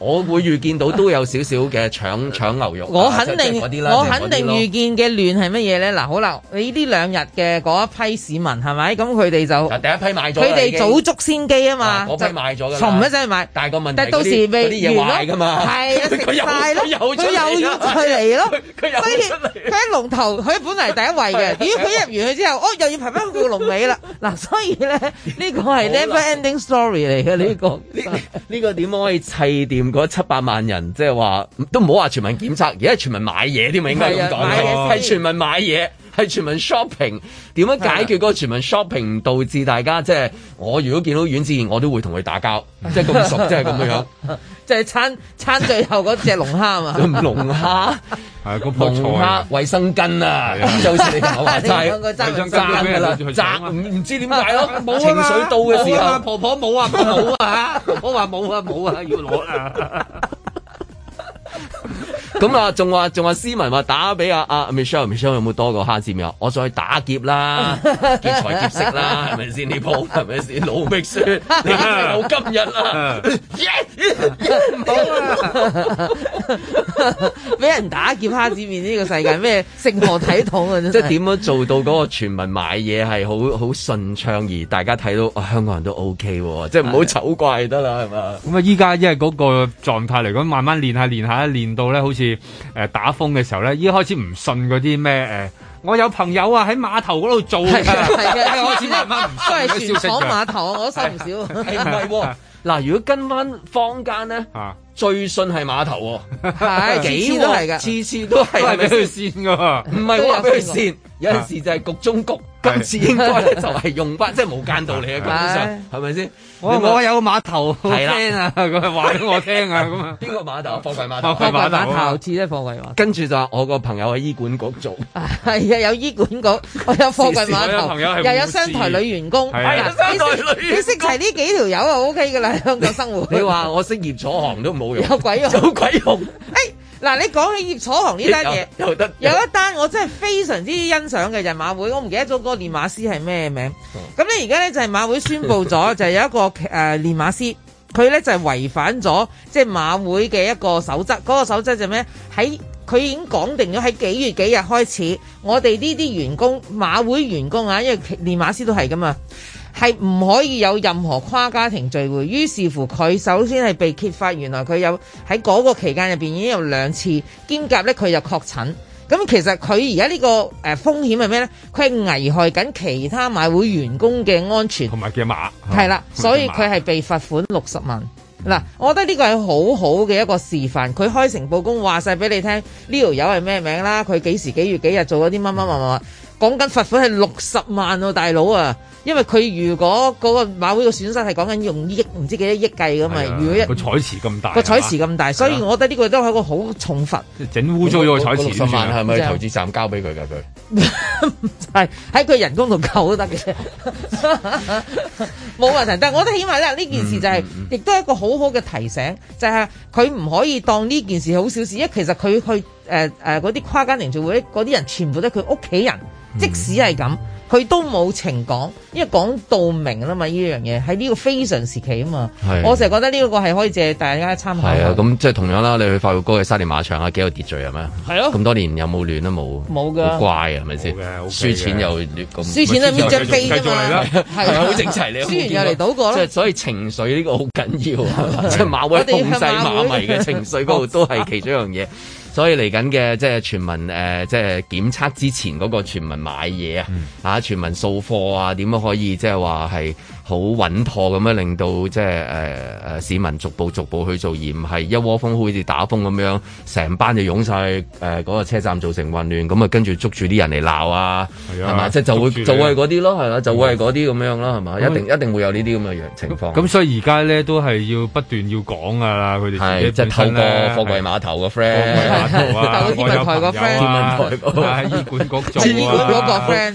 我會預見到都有少少嘅搶搶牛肉、 *laughs* 啊，我肯定我肯定預見嘅亂係乜嘢咧？嗱，好啦，你呢兩日嘅嗰一批市民係咪咁佢哋就？就第一批買咗，佢哋早著先機啊嘛！我、啊、批買咗嘅，從一陣買，但係個問題係啲嘢壞㗎嘛，係佢入又佢又，又要再嚟咯，佢出嚟，佢喺龍頭，佢本嚟第一位嘅，點 *laughs* 佢入完去之後 *laughs* 哦，又要排翻個龍尾啦。嗱、 *laughs* 啊，所以咧，呢、這個係 never ending story 嚟嘅呢個呢、 *laughs* *laughs* 這個點可以砌掂？ *laughs* 這個這個 *laughs* 七百萬人，即係話都唔好話全民檢測，而家係全民買嘢，添咪應該咁講，係係、啊、全民買嘢。係全民 shopping，點樣解決嗰個全民 shopping 導致大家即係我如果見到阮志賢，我都會同佢打交，即係咁熟，即係咁樣，即 *laughs* 係餐餐最後嗰隻龍蝦啊！龍蝦， *laughs* 龍蝦， *laughs* 龍蝦衛生巾啊！咁 *laughs* 就先講下齋，衛、 *laughs* 就是、生巾啦、啊，唔唔、啊嗯、知點解咯？情緒到嘅時候，婆婆冇啊冇啊，婆婆話冇啊冇啊， *laughs* 啊，啊，啊，要攞啊！ *laughs* 咁、嗯嗯、啊，仲、啊、話仲話斯文話打俾阿阿 Michelle，Michelle 有冇多過蝦子麵啊？我再打劫啦， *laughs* 劫財劫色啦，係咪先？呢 *laughs* 鋪，係咪先？老秘書， *laughs* 你 h 你好今日啊！耶，唔好啊，俾人打劫蝦子麵，呢個世界咩成何體統啊！ *laughs* *laughs* 即係點樣做到嗰個全民買嘢，係好好順暢，而大家睇到、啊啊、香港人都 OK 喎、啊，即係唔好醜怪得啦，係嘛？咁啊，依家因為嗰狀態嚟講，慢慢練下練下，練到咧好似～誒，打風嘅時候咧，一開始唔信嗰啲咩誒，我有朋友啊喺碼頭嗰度做嘅，係嘅、啊，係嘅、啊， *laughs* 開始慢慢唔信嘅消息嘅。船廠碼頭，我都收唔少。唔 *laughs* 係、啊，嗱、啊，如果跟翻坊間咧、啊，最信係碼頭、啊，係幾都係嘅，次次都係。係 *laughs* 畀佢線噶？唔係話畀佢線，有陣時就係局中局、啊。今次應該咧就係用返， *laughs* 即係冇間道嚟嘅，基本上係咪先？我、哦、我有碼頭，係啊，佢話咗我聽啊，咁啊，邊 *laughs* 個碼頭？貨櫃碼頭，貨櫃碼頭，似啫，貨櫃碼跟住就話我個朋友喺醫管局做，係啊，有醫管局，我有貨櫃碼頭朋友，又有商台女員工，係啊，啊，商台女員工，你識齊呢幾條友就 O K 噶啦，香港生活。你話我識葉楚航都冇用，有鬼用， *laughs* 有鬼用，哎嗱，你講起葉楚雄呢單嘢，有一單我真係非常之欣賞嘅就馬會，我唔記得咗個練馬師係咩名。咁、嗯、你而家咧就係、是、馬會宣布咗， *laughs* 就有一個誒練、呃、馬師，佢咧就係、是、違反咗即係馬會嘅一個守則。嗰、那個守則就咩？喺佢已經講定咗喺幾月幾日開始，我哋呢啲員工馬會員工啊，因為練馬師都係㗎嘛。係唔可以有任何跨家庭聚會，於是乎佢首先係被揭發，原來佢有喺嗰個期間入面已經有兩次兼夾呢佢就確診咁。其實佢而家呢個誒風險係咩呢？佢係危害緊其他買會員工嘅安全同埋嘅馬係啦、啊，所以佢係被罰款六十萬嗱、嗯。我覺得呢個係好好嘅一個示範，佢開誠佈公話晒俾你聽呢條友係咩名啦，佢幾時幾月幾日做咗啲乜乜乜乜，講緊罰款係六十萬喎、啊，大佬啊！因為佢如果嗰個馬會嘅損失係講緊用億唔知幾多億計噶嘛，如果一個彩池咁大個彩池咁大，所以我覺得呢個都係一個好重罰。整污糟咗個彩池，係咪、就是、投資站交俾佢噶佢？係喺佢人工度扣都得嘅，冇 *laughs* 問題。 *laughs* 但係我覺得起碼咧，呢件事就係、是、亦、嗯嗯、都係一個很好好嘅提醒，就係佢唔可以當呢件事好小事，因為其實佢去誒誒嗰啲跨家庭聚會嗰啲人，全部都係佢屋企人、嗯，即使係咁。佢都冇情講，因為講道明啦嘛，呢樣嘢喺呢個非常時期啊嘛。啊我成日覺得呢個個係可以借大家參考。啊，咁即係同樣啦，你去快活谷嘅沙田馬場個啊，幾好秩序係咩？係咯，咁多年有冇亂都冇，冇㗎。好乖嘅，係咪先？輸錢又亂咁，輸錢啊，變咗肥咗嚟係好整齊你。輸完又嚟賭過啦。即係所以情緒呢個好緊要啊，即 *laughs* 係、就是、馬會控制馬迷嘅情緒嗰度 *laughs* *laughs* 都係其中一樣嘢。所以嚟緊嘅即係全民誒，即係檢測之前嗰個全民買嘢、嗯、啊，吓，全民掃貨啊，點樣可以即係話係？好穩妥咁樣令到即係誒市民逐步逐步去做，而唔係一窩蜂好似打風咁樣，成班就湧晒誒嗰個車站，造成混亂，咁啊跟住捉住啲人嚟鬧啊，係嘛？即、就係、就會就會嗰啲咯，係啦、啊，就係、會係嗰啲咁樣啦，係、嗯、嘛？一定、嗯、一定會有呢啲咁嘅情況。咁所以而家咧都係要不斷要講㗎喇，佢哋即係透過貨櫃碼頭個 friend，貨櫃碼頭啊，天、 *laughs* 啊啊啊啊啊、個 friend，醫管局做，醫管局個 friend。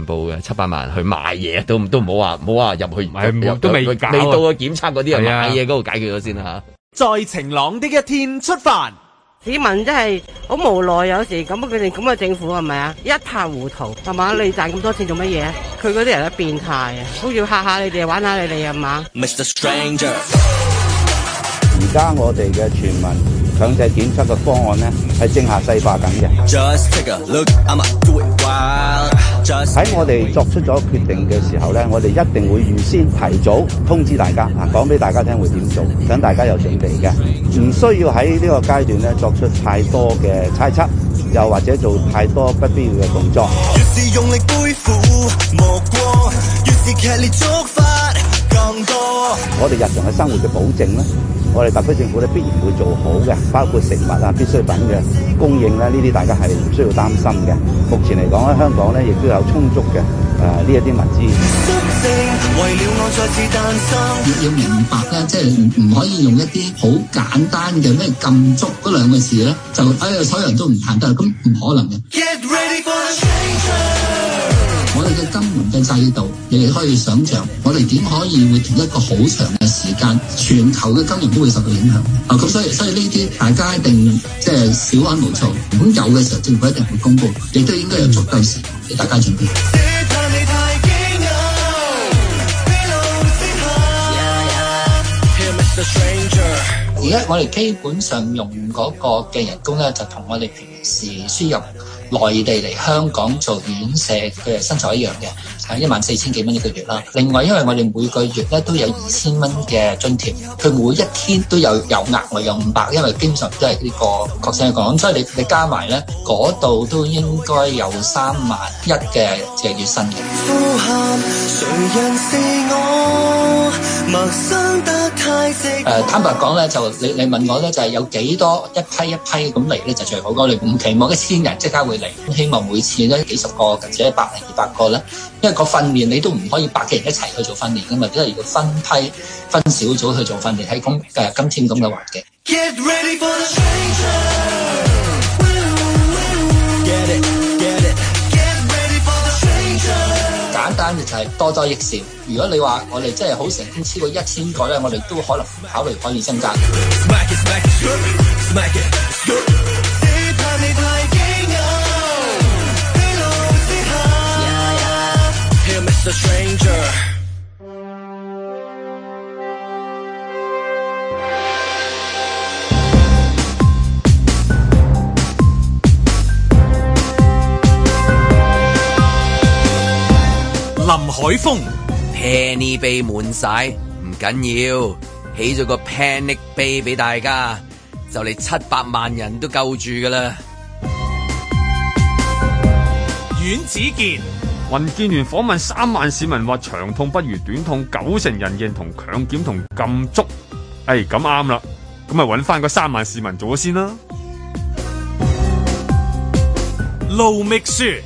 全部嘅七百萬去買嘢，都都唔好話，唔好話入去，唔係都未未到啊！檢測嗰啲人買嘢嗰度解決咗先啦、嗯。在晴朗啲嘅一天出發，市民真係好無奈。有時咁嘅佢哋咁嘅政府係咪啊？一塌糊塗係嘛？你賺咁多錢做乜嘢？佢嗰啲人都變態啊！都要吓下你哋，玩下你哋係嘛？Mr. Stranger，而家我哋嘅全民強制檢測嘅方案咧，係正下細化緊嘅。Just take 喺我哋作出咗決定嘅時候咧，我哋一定會預先提早通知大家，啊，講俾大家聽會點做，等大家有準備嘅，唔需要喺呢個階段咧作出太多嘅猜測，又或者做太多不必要嘅動作。越是用力背負，莫過；越是劇烈觸發，更多。我哋日常嘅生活嘅保證咧。我哋特區政府咧必然會做好嘅，包括食物啊必需品嘅供應咧，呢啲大家係唔需要擔心嘅。目前嚟講咧，香港咧亦都有充足嘅誒呢一啲物資。要要明白咧，即係唔可以用一啲好簡單嘅咩禁足嗰兩個字咧，就哎呀所有人都唔郁得，咁唔可能嘅。Get ready for 我哋嘅金融嘅制度，你哋可以想象，我哋點可以會同一個好長嘅時間，全球嘅金融都會受到影響。啊、哦，咁所以所以呢啲大家一定即係、就是、少安毋躁。咁有嘅時候，政府一定會公布，亦都應該有足夠時間，俾大家準備。而家我哋基本上用嗰個嘅人工咧，就同我哋平時輸入。內地嚟香港做院舍，佢嘅薪酬一樣嘅，誒一萬四千幾蚊一個月啦。另外，因為我哋每個月咧都有二千蚊嘅津貼，佢每一天都有有額外有五百，因為經常都係呢個國產港，所以你你加埋咧，嗰度都應該有三萬一嘅月月薪嘅。誒坦白講咧，就你你問我咧，就係有幾多一批一批咁嚟咧，就最好。我哋唔期望一千人即刻會。希望每次都幾十個，或者百零二百個啦。因為個訓練你都唔可以百幾人一齊去做訓練噶嘛，都係要分批分小組去做訓練，喺咁。誒今天咁嘅環境。簡單嘅就係多多益善。如果你話我哋真係好成功超過一千個咧，我哋都可能唔考慮可以增加。The Stranger 林海峰 Penny Bay 滿晒，唔緊要，起咗個 Panic Bay 俾大家，就嚟七百萬人都夠住噶啦。阮子健。民建聯訪問三萬市民話長痛不如短痛，九成人認同強檢同禁足。誒、哎，咁啱啦，咁咪搵翻個三萬市民做先啦。Low m i x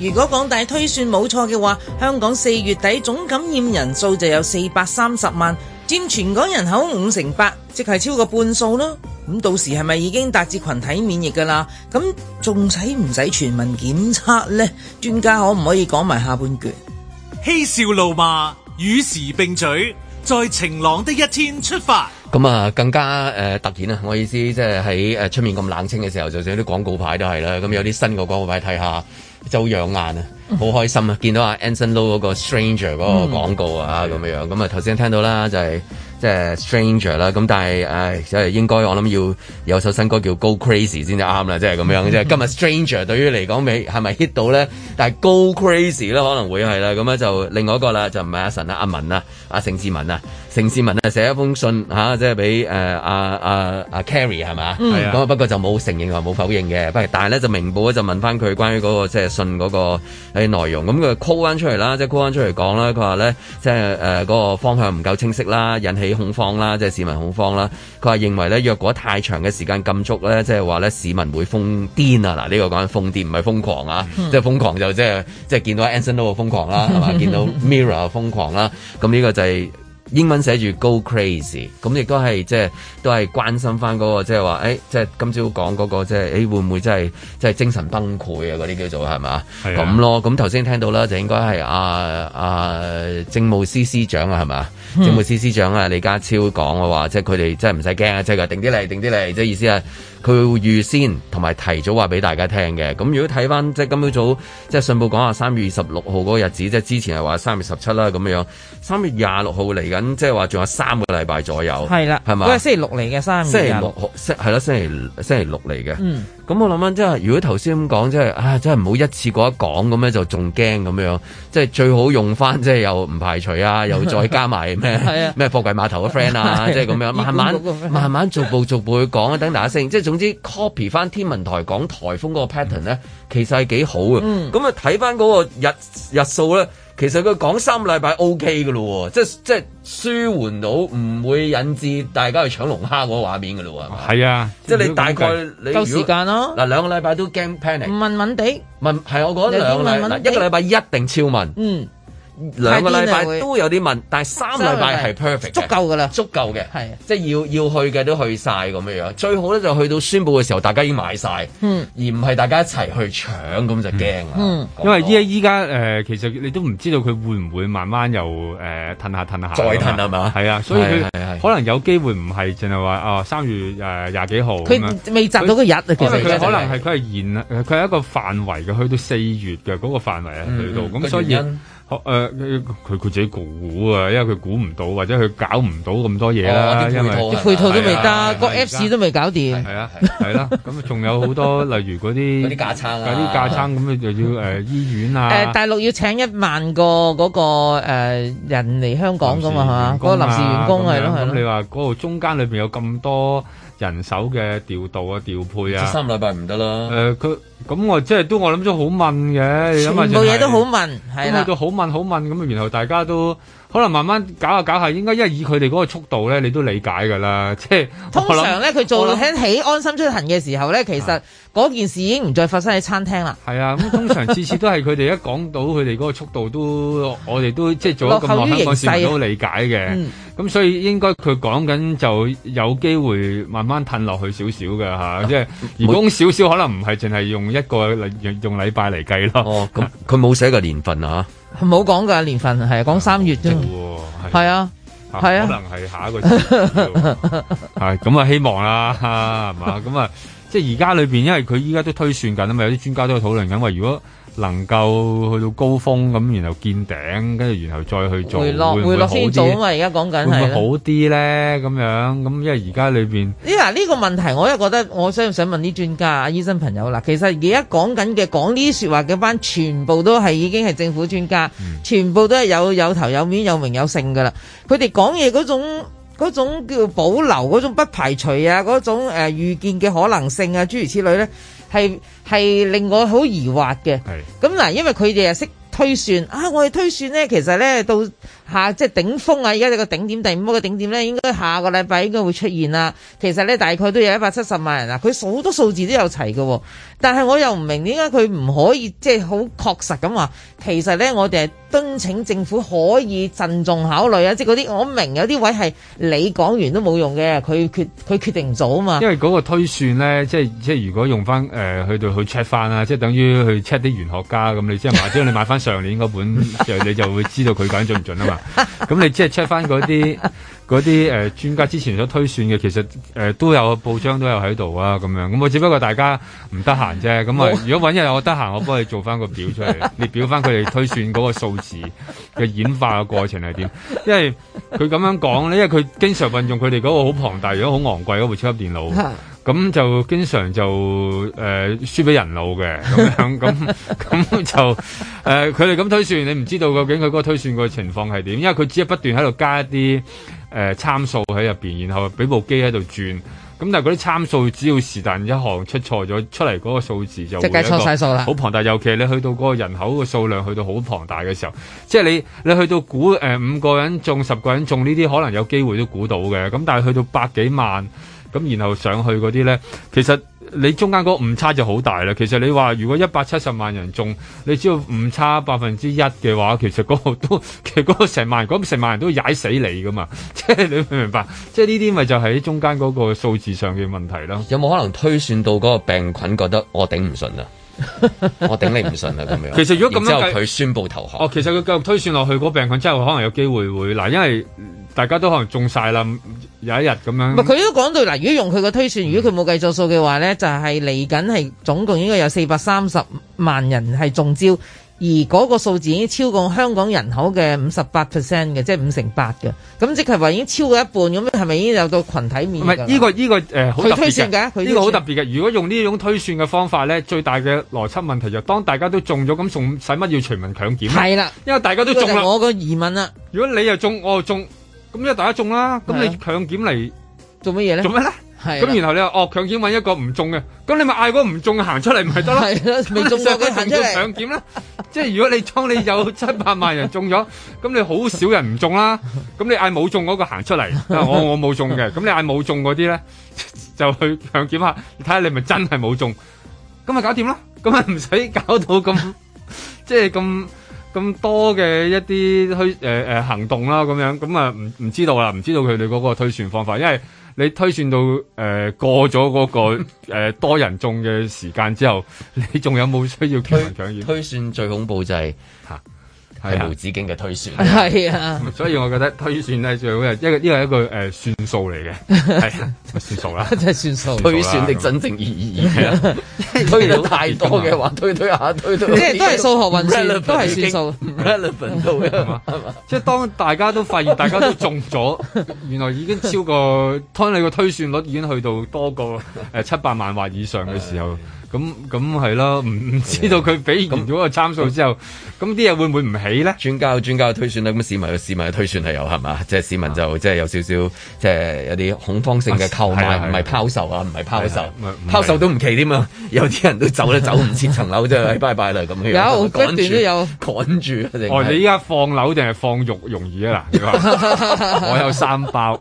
如果港大推算冇錯嘅話，香港四月底總感染人數就有四百三十萬，佔全港人口五成八，即係超過半數囉。咁到時係咪已經達至群體免疫㗎啦？咁仲使唔使全民檢測咧？專家可唔可以講埋下半句？嬉笑怒罵，與時並嘴，在晴朗的一天出發。咁啊，更加誒突顯啊！我意思即係喺誒出面咁冷清嘅時候，就算啲廣告牌都係啦。咁有啲新嘅廣告牌睇下，就好養眼啊，好、嗯、開心啊！見到阿 Anson Lo 嗰個 Stranger 嗰、那個廣告啊，咁、嗯、樣樣。咁啊，頭先聽到啦，就係、是。即係 Stranger 啦，咁但係誒，應該我諗要有首新歌叫 Go Crazy 先至啱啦，即係咁樣即係今日 Stranger 對於嚟講，未係咪 hit 到咧？但係 Go Crazy 咧，可能會係啦。咁咧就另外一個啦，就唔係阿神啦，阿文啦，阿盛志文啦。陳市文咧寫一封信嚇、啊，即係俾誒阿阿阿 Carrie 係嘛，咁、呃、啊，啊，Carrie、mm. 啊不過就冇承認，話冇否認嘅，不過但係咧就明報咧就問翻佢關於嗰、那個即係信嗰個誒內容，咁、嗯、佢 call 翻出嚟啦，即係 call 翻出嚟講啦。佢話咧即係誒嗰個方向唔夠清晰啦，引起恐慌啦，即係市民恐慌啦。佢話認為咧，若果太長嘅時間禁足咧，即係話咧市民會瘋癲啊！嗱、這個，呢個講緊瘋癲，唔係瘋狂啊，mm. 即係瘋狂就是、即係即係見到 Anson 都瘋狂啦，係嘛？見到 Mirror 啊瘋狂啦，咁呢個就係、是。英文寫住 Go Crazy，咁亦、即係、都係即係都係關心翻、嗰、嗰個即係話，誒即係今朝講嗰個即係，誒會唔會真係即係精神崩潰啊？嗰啲叫做係嘛咁咯。咁頭先聽到啦，就應該係啊，啊，政務司司長啊，係嘛？嗯、政務司司長啊，李家超講嘅話，即係佢哋真係唔使驚啊，即係定啲嚟，定啲嚟，即係意思係，佢會預先同埋提早話俾大家聽嘅。咁如果睇翻即係今朝早，即係信報講下，三月二十六號嗰個日子，即係之前係話三月十七啦咁樣，三月廿六號嚟緊，即係話仲有三個禮拜左右。係啦，係嘛？嗰日星期六嚟嘅，三月廿六號，係啦，星期星期六嚟嘅。嗯。咁我諗翻，即係如果頭先咁講，即係啊，真係唔好一次過一講咁咧，就仲驚咁樣。即係最好用翻，即係又唔排除啊，又再加埋咩咩貨櫃碼頭嘅 friend 啊， *laughs* 即係咁樣慢慢 *laughs* 慢慢逐步逐步去講啊。等大家先，即係總之 *laughs* copy 翻天文台講台風嗰個 pattern 咧，其實係幾好嘅。咁 *laughs* 啊、嗯，睇翻嗰個日日數咧。其實佢講三個禮拜 OK 㗎咯喎，即係、即係、舒緩到唔會引致大家去搶龍蝦嗰個畫面㗎咯喎，係啊，即係、啊、你大概你夠時間咯、啊。嗱兩個禮拜都驚 panic，問、問問地、問、係我覺得兩個禮拜、一個禮拜一定超問。嗯兩個禮拜都有啲問，但係三個禮拜係 perfect，足夠噶啦，足夠嘅，係即係要要去嘅都去晒咁樣樣。最好咧就去到宣布嘅時候，大家已經買晒，嗯，而唔係大家一齊去搶咁就驚啊、嗯嗯。因為依家依家誒，其實你都唔知道佢會唔會慢慢又誒褪下褪下，再褪係嘛？係啊，所以佢可能有機會唔係淨係話啊三月誒廿幾號，佢、呃、未集到個日啊，其實可能係佢係延佢係一個範圍嘅，去到四月嘅嗰個範圍去到咁所以。誒、哦，佢、呃、佢自己估啊，因為佢估唔到，或者佢搞唔到咁多嘢啦、啊哦。配套都未得，個 Apps 都未搞掂。係啊，係啦。咁啊，仲、啊啊啊啊啊啊 *laughs* 啊、有好多，例如嗰啲嗰啲架撐，嗰啲架撐咁啊，就要誒醫院啊。誒、呃，大陸要請一萬個嗰、那個誒、呃、人嚟香港噶、啊、嘛，係嘛、啊？嗰、那個臨時員工係、啊、咯。咁、啊啊啊、你話嗰度中間裏邊有咁多？人手嘅調度啊、調配啊，三個禮拜唔得啦。誒、呃，佢咁我即係都我諗咗好問嘅，全部嘢都好問，係嘛、就是？都好問，好問咁啊，然後大家都。可能慢慢搞下搞下，應該因為以佢哋嗰個速度咧，你都理解噶啦。即係通常咧，佢做喺起，起安心出行嘅時候咧，其實嗰件事已經唔再發生喺餐廳啦。係啊，咁、嗯、通常次次都係佢哋一講到佢哋嗰個速度都， *laughs* 我都我哋都即係做咗咁耐，都理解嘅。咁、嗯、所以應該佢講緊就有機會慢慢褪落去少少嘅吓，即係如果少少可能唔係淨係用一個禮用禮拜嚟計咯。哦，咁佢冇寫個年份啊。 *laughs* 冇講噶年份，係講三月啫。係啊，係啊，啊，啊，啊，啊，啊，可能係下一個月。係 *laughs* 咁 *laughs* 啊，希望啦，係嘛？咁啊，即係而家裏邊，因為佢依家都推算緊啊嘛，有啲專家都討論緊話如果。能夠去到高峰咁，然後見頂，跟住然後再去做會落，會落先做啊！而家講緊係咪好啲咧？咁樣咁，因為而家裏邊呢嗱呢個問題，我又覺得我想唔想問啲專家啊，醫生朋友啦。其實而家講緊嘅講呢啲説話嘅班，全部都係已經係政府專家、嗯，全部都係有有頭有面、有名有姓噶啦。佢哋講嘢嗰種嗰種叫保留嗰種不排除啊，嗰種誒預見嘅可能性啊，諸如此類咧。係係令我好疑惑嘅，係咁嗱，因為佢哋又識推算啊，我哋推算咧，其實咧到。下即係頂峰啊！而家呢個頂點第五個頂點咧，應該下個禮拜應該會出現啦、啊。其實咧，大概都有一百七十萬人嗱、啊，佢數好多數字都有齊嘅、啊，但係我又唔明點解佢唔可以即係好確實咁話。其實咧，我哋係敦請政府可以慎重考慮啊！即係嗰啲我明有啲位係你講完都冇用嘅，佢決佢決定唔做啊嘛。因為嗰個推算咧，即係即係如果用翻誒、呃、去到去 check 翻啊，即係等於去 check 啲玄學家咁， *laughs* 你即係買即係你買翻上年嗰本 *laughs* 就你就會知道佢究竟準唔準啊嘛。咁 *laughs* 你即係 check 翻嗰啲嗰啲誒專家之前所推算嘅，其實誒、呃、都有報章都有喺度啊，咁樣，咁我只不過大家唔得閒啫，咁啊 *laughs* 如果搵日我得閒，我幫你做翻個表出嚟，列表翻佢哋推算嗰個數字嘅演化嘅過程係點，因為佢咁樣講咧，因為佢經常運用佢哋嗰個好龐大、咗好昂貴嗰部超級電腦。 *laughs* 咁就經常就誒、呃、輸俾人腦嘅咁樣，咁咁就誒佢哋咁推算，你唔知道究竟佢嗰個推算個情況係點，因為佢只係不斷喺度加一啲誒、呃、參數喺入邊，然後俾部機喺度轉。咁但係嗰啲參數只要是但一行出錯咗，出嚟嗰個數字就計錯晒數啦。好龐大，尤其你去到嗰個人口個數量去到好龐大嘅時候，即係你你去到估誒五、呃、個人中十個人中呢啲可能有機會都估到嘅，咁但係去到百幾萬。咁然後上去嗰啲咧，其實你中間嗰個誤差就好大啦。其實你話如果一百七十萬人中，你只要誤差百分之一嘅話，其實嗰個都其實嗰個成萬人，嗰成萬人都踩死你噶嘛。即係你明唔明白？即係呢啲咪就係喺中間嗰個數字上嘅問題咯。有冇可能推算到嗰個病菌覺得我頂唔順啊？ *laughs* 我頂你唔順啊！咁樣，其實如果咁樣之後佢宣布投降，哦，其實佢繼續推算落去，嗰個病菌之後可能有機會會嗱，因為大家都可能中晒啦，有一日咁樣。唔係，佢都講到嗱，如果用佢個推算，如果佢冇計作數嘅話咧，就係嚟緊係總共應該有四百三十萬人係中招。而嗰個數字已經超過香港人口嘅五十八 percent 嘅，即係五成八嘅。咁即係話已經超過一半咁，係咪已經有到群體面？唔呢、這個呢、這個誒好、呃、特別嘅，呢、這個好特別嘅。如果用呢種推算嘅方法咧，最大嘅邏輯問題就是，當大家都中咗，咁仲使乜要全民強檢？係啦，因為大家都中、這個、我個疑問啦，如果你又中，我又中，咁大家中啦，咁你強檢嚟做乜嘢咧？做咩咧？咁然後你話哦，強檢揾一個唔中嘅，咁你咪嗌個唔中行出嚟咪得咯，未中嘅行出嚟強檢啦。即係如果你當你有七八萬人中咗，咁你好少人唔中啦。咁你嗌冇中嗰個行出嚟，我我冇中嘅，咁你嗌冇中嗰啲咧就去強檢下，睇下你咪真係冇中，咁咪搞掂咯。咁啊，唔使搞到咁即係咁咁多嘅一啲推誒誒行動啦。咁樣咁啊，唔唔知道啦，唔知道佢哋嗰個推算方法，因為。你推算到誒、呃、過咗嗰、那個、呃、多人中嘅時間之後，你仲有冇需要加強搶推,推算最恐怖就係係無止境嘅推算，係啊，啊，啊，所以我覺得推算咧、呃， *laughs* 就係一個呢個一個誒算數嚟嘅，係算數啦，即係算數。推算嘅真正意義， *laughs* 是啊、推得太多嘅話， *laughs* 推下推下推推，即係都係數學運算，都係算數。relevant 到嘅。是 *laughs* 是吧 *laughs* 即係當大家都發現大家都中咗， *laughs* 原來已經超過，當你個推算率已經去到多過誒七百萬或以上嘅時候。是咁咁係咯，唔、嗯、唔、嗯嗯、知道佢表現咗個參數之後，咁啲嘢會唔會唔起咧？專家有專家嘅推算啦，咁市民有市民嘅推算係有，係嘛？即係市民就、啊、即係有少少，即係有啲恐慌性嘅購買，唔、啊、係拋售啊，唔係拋售，拋售都唔奇添嘛。嗯、有啲人都走咧，走五千層樓啫，拜拜啦咁樣。而家我段有趕住有趕住啊！哦、你依家放樓定係放肉容易啊？嗱 *laughs* *laughs* *laughs* 我有三包，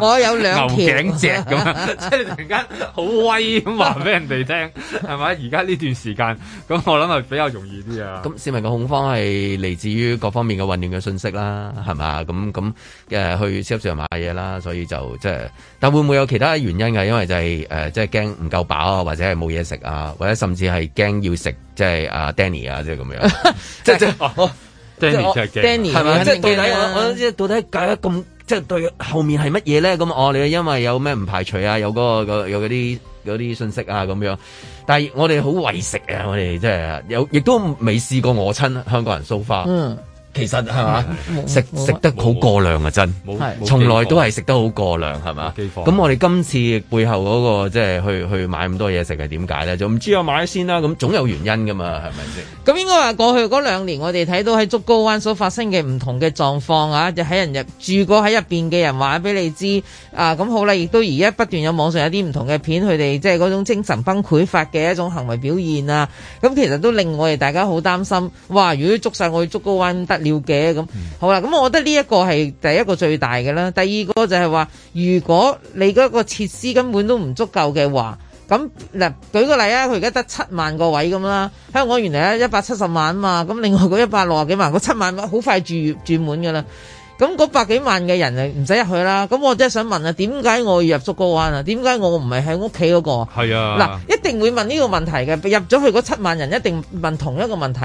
我有兩條頸脊咁，即係突然間好威咁話。俾人哋聽係咪？而家呢段時間咁，我諗係比較容易啲啊。咁市民嘅恐慌係嚟自於各方面嘅混亂嘅信息啦，係咪？咁咁誒，去超市上買嘢啦，所以就即係，但會唔會有其他原因噶？因為就係誒，即係驚唔夠飽啊，或者係冇嘢食啊，或者甚至係驚要食即係啊 Danny 啊，即係咁樣。即即哦 Danny 真係驚 Danny 係咪？即到底我我即到底解咁即係對後面係乜嘢咧？咁我哋因為有咩唔排除啊？有嗰個有嗰啲。嗰啲信息啊，咁樣，但係我哋好為食啊！我哋即係有，亦都未試過餓親香港人 so far。嗯其實係嘛，食食得好過量啊！真，從來都係食得好過量係嘛？咁我哋今次背後嗰個即係去去買咁多嘢食係點解咧？就唔知我買咗先啦，咁總有原因噶嘛係咪先？咁應該話過去嗰兩年我哋睇到喺竹篙灣所發生嘅唔同嘅狀況啊，就喺人入住過喺入面嘅人話俾你知啊，咁好啦，亦都而家不斷有網上有啲唔同嘅片，佢哋即係嗰種精神崩潰法嘅一種行為表現啊，咁其實都令我哋大家好擔心。哇！如果捉晒我去竹篙灣得？要嘅，咁好啦，咁我覺得呢一個係第一個最大嘅啦，第二個就係話，如果你嗰個設施根本都唔足夠嘅話，咁嗱舉個例啊，佢而家得七萬個位咁啦，香港原來咧一百七十萬啊嘛，咁另外嗰一百六十幾萬嗰七萬，好快住住滿㗎啦。咁嗰百幾萬嘅人就唔使入去啦。咁我真係想問啊，點解我要入竹篙灣啊？點解我唔係喺屋企嗰個？係啊。嗱、啊，一定會問呢個問題嘅。入咗去嗰七萬人一定問同一個問題。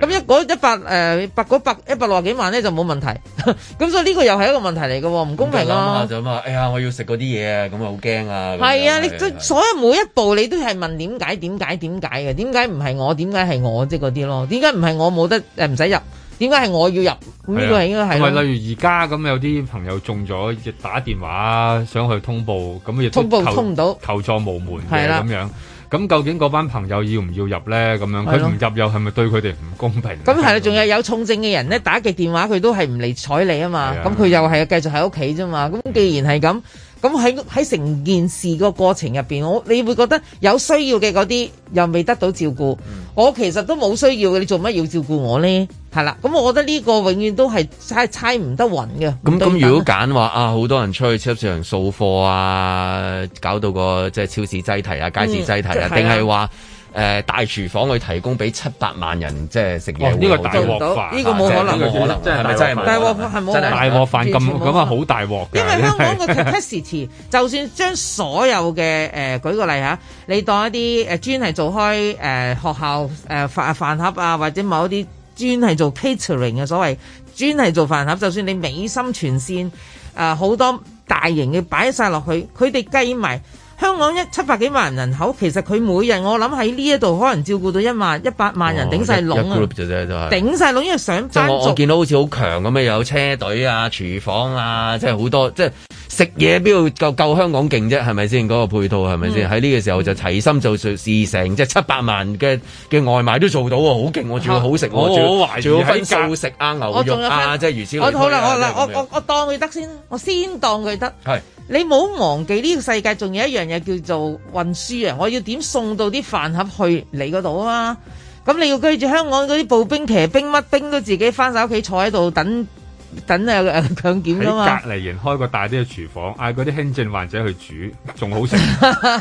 咁一、啊嗰個、一百誒、呃、百嗰百一百六十幾萬咧就冇問題。咁 *laughs* 所以呢個又係一個問題嚟嘅喎，唔公平啊。諗下啫嘛，哎呀，我要食嗰啲嘢啊，咁啊好驚啊。係啊，你所有每一步你都係問點解？點解？點解嘅？點解唔係我？點解係我即嗰啲咯？點解唔係我冇得唔使、呃、入？點解係我要入呢個應該？係應該係例如而家咁有啲朋友中咗，亦打電話想去通報，咁亦通報通唔到，求助無門嘅咁、啊、樣。咁究竟嗰班朋友要唔要入咧？咁樣佢唔、啊、入又係咪對佢哋唔公平？咁係、啊，仲有、啊、有重症嘅人咧，打極電話佢都係唔嚟睬你啊嘛。咁佢、啊、又係繼續喺屋企啫嘛。咁既然係咁，咁喺喺成件事個過程入邊，我你會覺得有需要嘅嗰啲又未得到照顧、嗯，我其實都冇需要嘅，你做乜要照顧我呢？係啦，咁我覺得呢個永遠都係猜猜唔得穩嘅。咁咁如果揀話啊，好多人出去超市場掃貨啊，搞到個即係超市擠提啊，街市擠提啊，定係話誒大廚房去提供俾七百萬人即係食嘢？呢、哦呢個大鑊飯，呢、呢個冇可能，呢、呢個冇可能，係咪真係？大鑊飯係冇大鑊飯咁咁啊，好大鑊嘅。因為香港嘅 capacity， *laughs* 就算將所有嘅誒、呃，舉個例嚇、啊，你當一啲誒專係做開誒、呃、學校誒、呃、飯盒啊，或者某一啲。專係做 catering 嘅所謂，專係做飯盒，就算你美心全線，啊，好多大型嘅擺晒落去，佢哋計埋。香港一七百幾萬人口，其實佢每日我諗喺呢一度可能照顧到一萬一百萬人頂晒籠啊！頂晒籠，因為上班就我，我見到好似好強咁啊！有車隊啊、廚房啊，即係好多，即、就、係、是、食嘢邊度夠香港勁啫、啊？係咪先嗰個配套係咪先？喺呢、嗯、個時候就齊心做，事成即係七百萬嘅嘅外賣都做到喎，好勁，我仲要好食我仲要，要分夠食啊牛肉啊，即係如此。我好啦，我、就是、我我我當佢得先我先當佢得。你冇忘記呢個世界仲有一樣嘢叫做運輸啊！我要點送到啲飯盒去你嗰度啊嘛？咁你要記住香港嗰啲步兵、騎兵、乜兵都自己翻晒屋企坐喺度等等啊、呃、強檢啊嘛！隔離人開個大啲嘅廚房，嗌嗰啲輕症患者去煮，仲好食，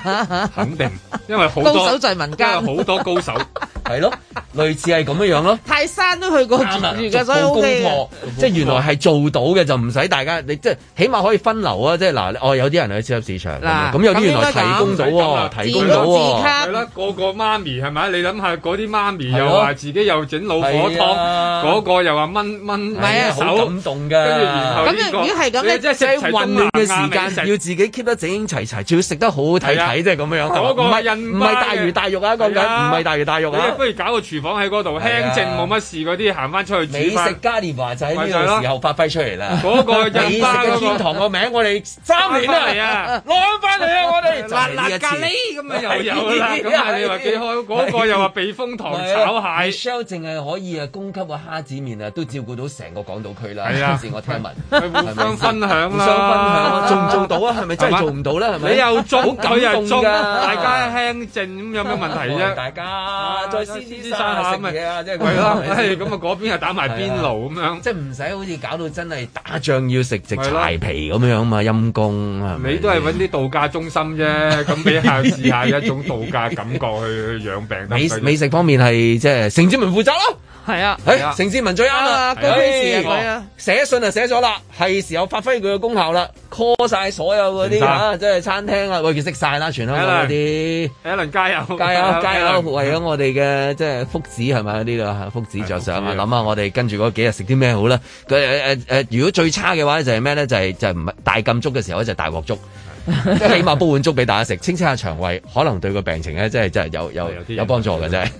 *laughs* 肯定，因為好多高手在民間，好多高手。 *laughs* 係 *laughs* 咯，類似係咁樣樣咯。泰山都去過住，所以 O K 即係原來係做到嘅，就唔使大家，你即係起碼可以分流啊！即係嗱，哦有啲人去超級市場，咁、啊、有啲原來提供到提供到卡。係啦，個個媽咪係咪，你諗下嗰啲媽咪又話自己又整老火湯，嗰、啊那個又話炆炆手，好、啊、感動噶。咁啊、這個，如果係咁嘅，即係混亂嘅時間要自己 keep 得整齊齊，仲要食得好好睇睇，即係咁樣樣。唔係唔係大魚大肉啊，講緊唔係大魚大肉啊。 *laughs* 不如搞個廚房喺嗰度輕靜冇乜事嗰啲，行翻出去煮飯，美食嘉年華就喺呢個時候發揮出嚟啦。嗰 *laughs* 個、那個、美食的天堂個名字我哋三年都嚟啊，攞返嚟啊 *laughs* 我哋辣，辣辣咖喱咁啊 *laughs* 又有啦咁啊，你話幾好？嗰 *laughs* 個又話避風塘炒、， *laughs* 啊、炒蟹。Shell 淨係可以啊，供給個蝦子麵啊，都照顧到成個港島區啦。係 *laughs* 是啊， *laughs* 我聽聞。互相分享啦，享做唔做到啊？係咪真係做唔到咧？係咪？你又做，佢又做！大家輕靜咁有咩問題啫？大家。去啊，係咁啊，嗰邊又打埋邊爐咁樣，即係唔使好似搞到真係打仗要食食柴皮咁樣啊嘛，陰功，啊！你都係揾啲度假中心啫，咁、嗯、俾下試下 *laughs* 一種度假感覺去養病。美 *laughs* 美食方面係即係盛智文負責咯。係啊，誒、哎，陳志文最啱啦，跟住、啊啊啊啊、寫信就寫咗啦，係時候發揮佢嘅功效啦，call 晒所有嗰啲即係餐廳啊，我哋識晒啦，全香港嗰啲，阿倫加油，加油，Alan, 加油，加油 Alan, 為咗我哋嘅即係福祉係咪啊？啲㗎、這個、福祉着想啊，諗下我哋跟住嗰幾日食啲咩好啦。佢誒誒誒，如果最差嘅話就係咩咧？就係、是、就係唔係大禁粥嘅時候就大鑊粥，即 *laughs* 係起碼煲碗粥俾大家食，清清下腸胃，可能對個病情咧，真係真係有有有幫助嘅啫。 *laughs*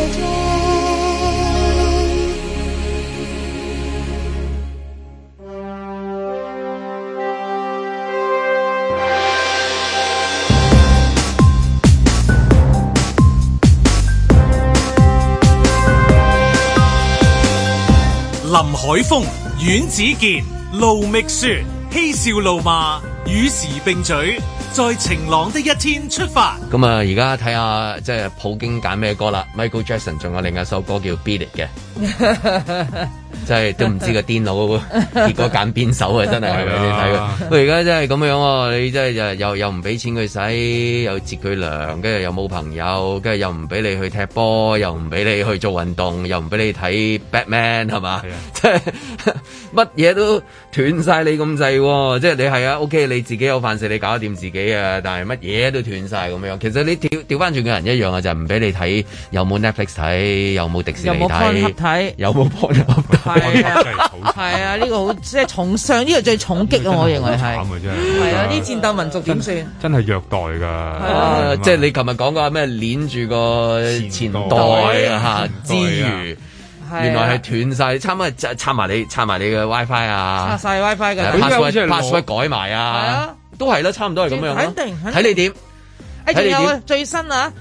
林海峰、阮子健、盧覓雪嬉笑怒罵，與時並舉，在晴朗的一天出發。咁啊，而家睇下即係普京揀咩歌啦。Michael Jackson 仲有另一首歌叫《Beat It》嘅。 *laughs* *laughs* 真係都唔知個癲佬結果揀邊手啊！真係你睇佢，而家真係咁樣喎！你真係又又唔俾錢佢使，又截佢糧，跟住又冇朋友，跟住又唔俾你去踢波，又唔俾你去做運動，又唔俾你睇 Batman 係嘛？即係乜嘢都斷晒你咁滯，即係你係啊 OK，你自己有飯食，你搞得掂自己啊！但係乜嘢都斷晒咁樣，其實你調調翻轉嘅人一樣啊，就唔俾你睇，有冇 Netflix 睇，有冇迪士尼睇，有冇幫睇，冇 *laughs* 睇。 *laughs* 有 *laughs* 係 *laughs* 是啊，呢 *laughs* 是、啊、 *laughs* 個好即係重傷，呢 *laughs* 個，很 *laughs* 個最重擊啊！ *laughs* 我認為係，係 *laughs* 啊，啲戰鬥民族點算？真係虐待噶 *laughs* 、啊啊，即係你琴日講過咩，鏈住個前袋啊，啊，啊，之餘，原來係斷晒、啊，差唔多插埋你，插埋你嘅 WiFi 啊，插晒 WiFi 噶 password 改埋啊，都係啦、啊，差唔多係咁樣、啊、肯定，睇你點，誒、哎，仲有啊最新啊！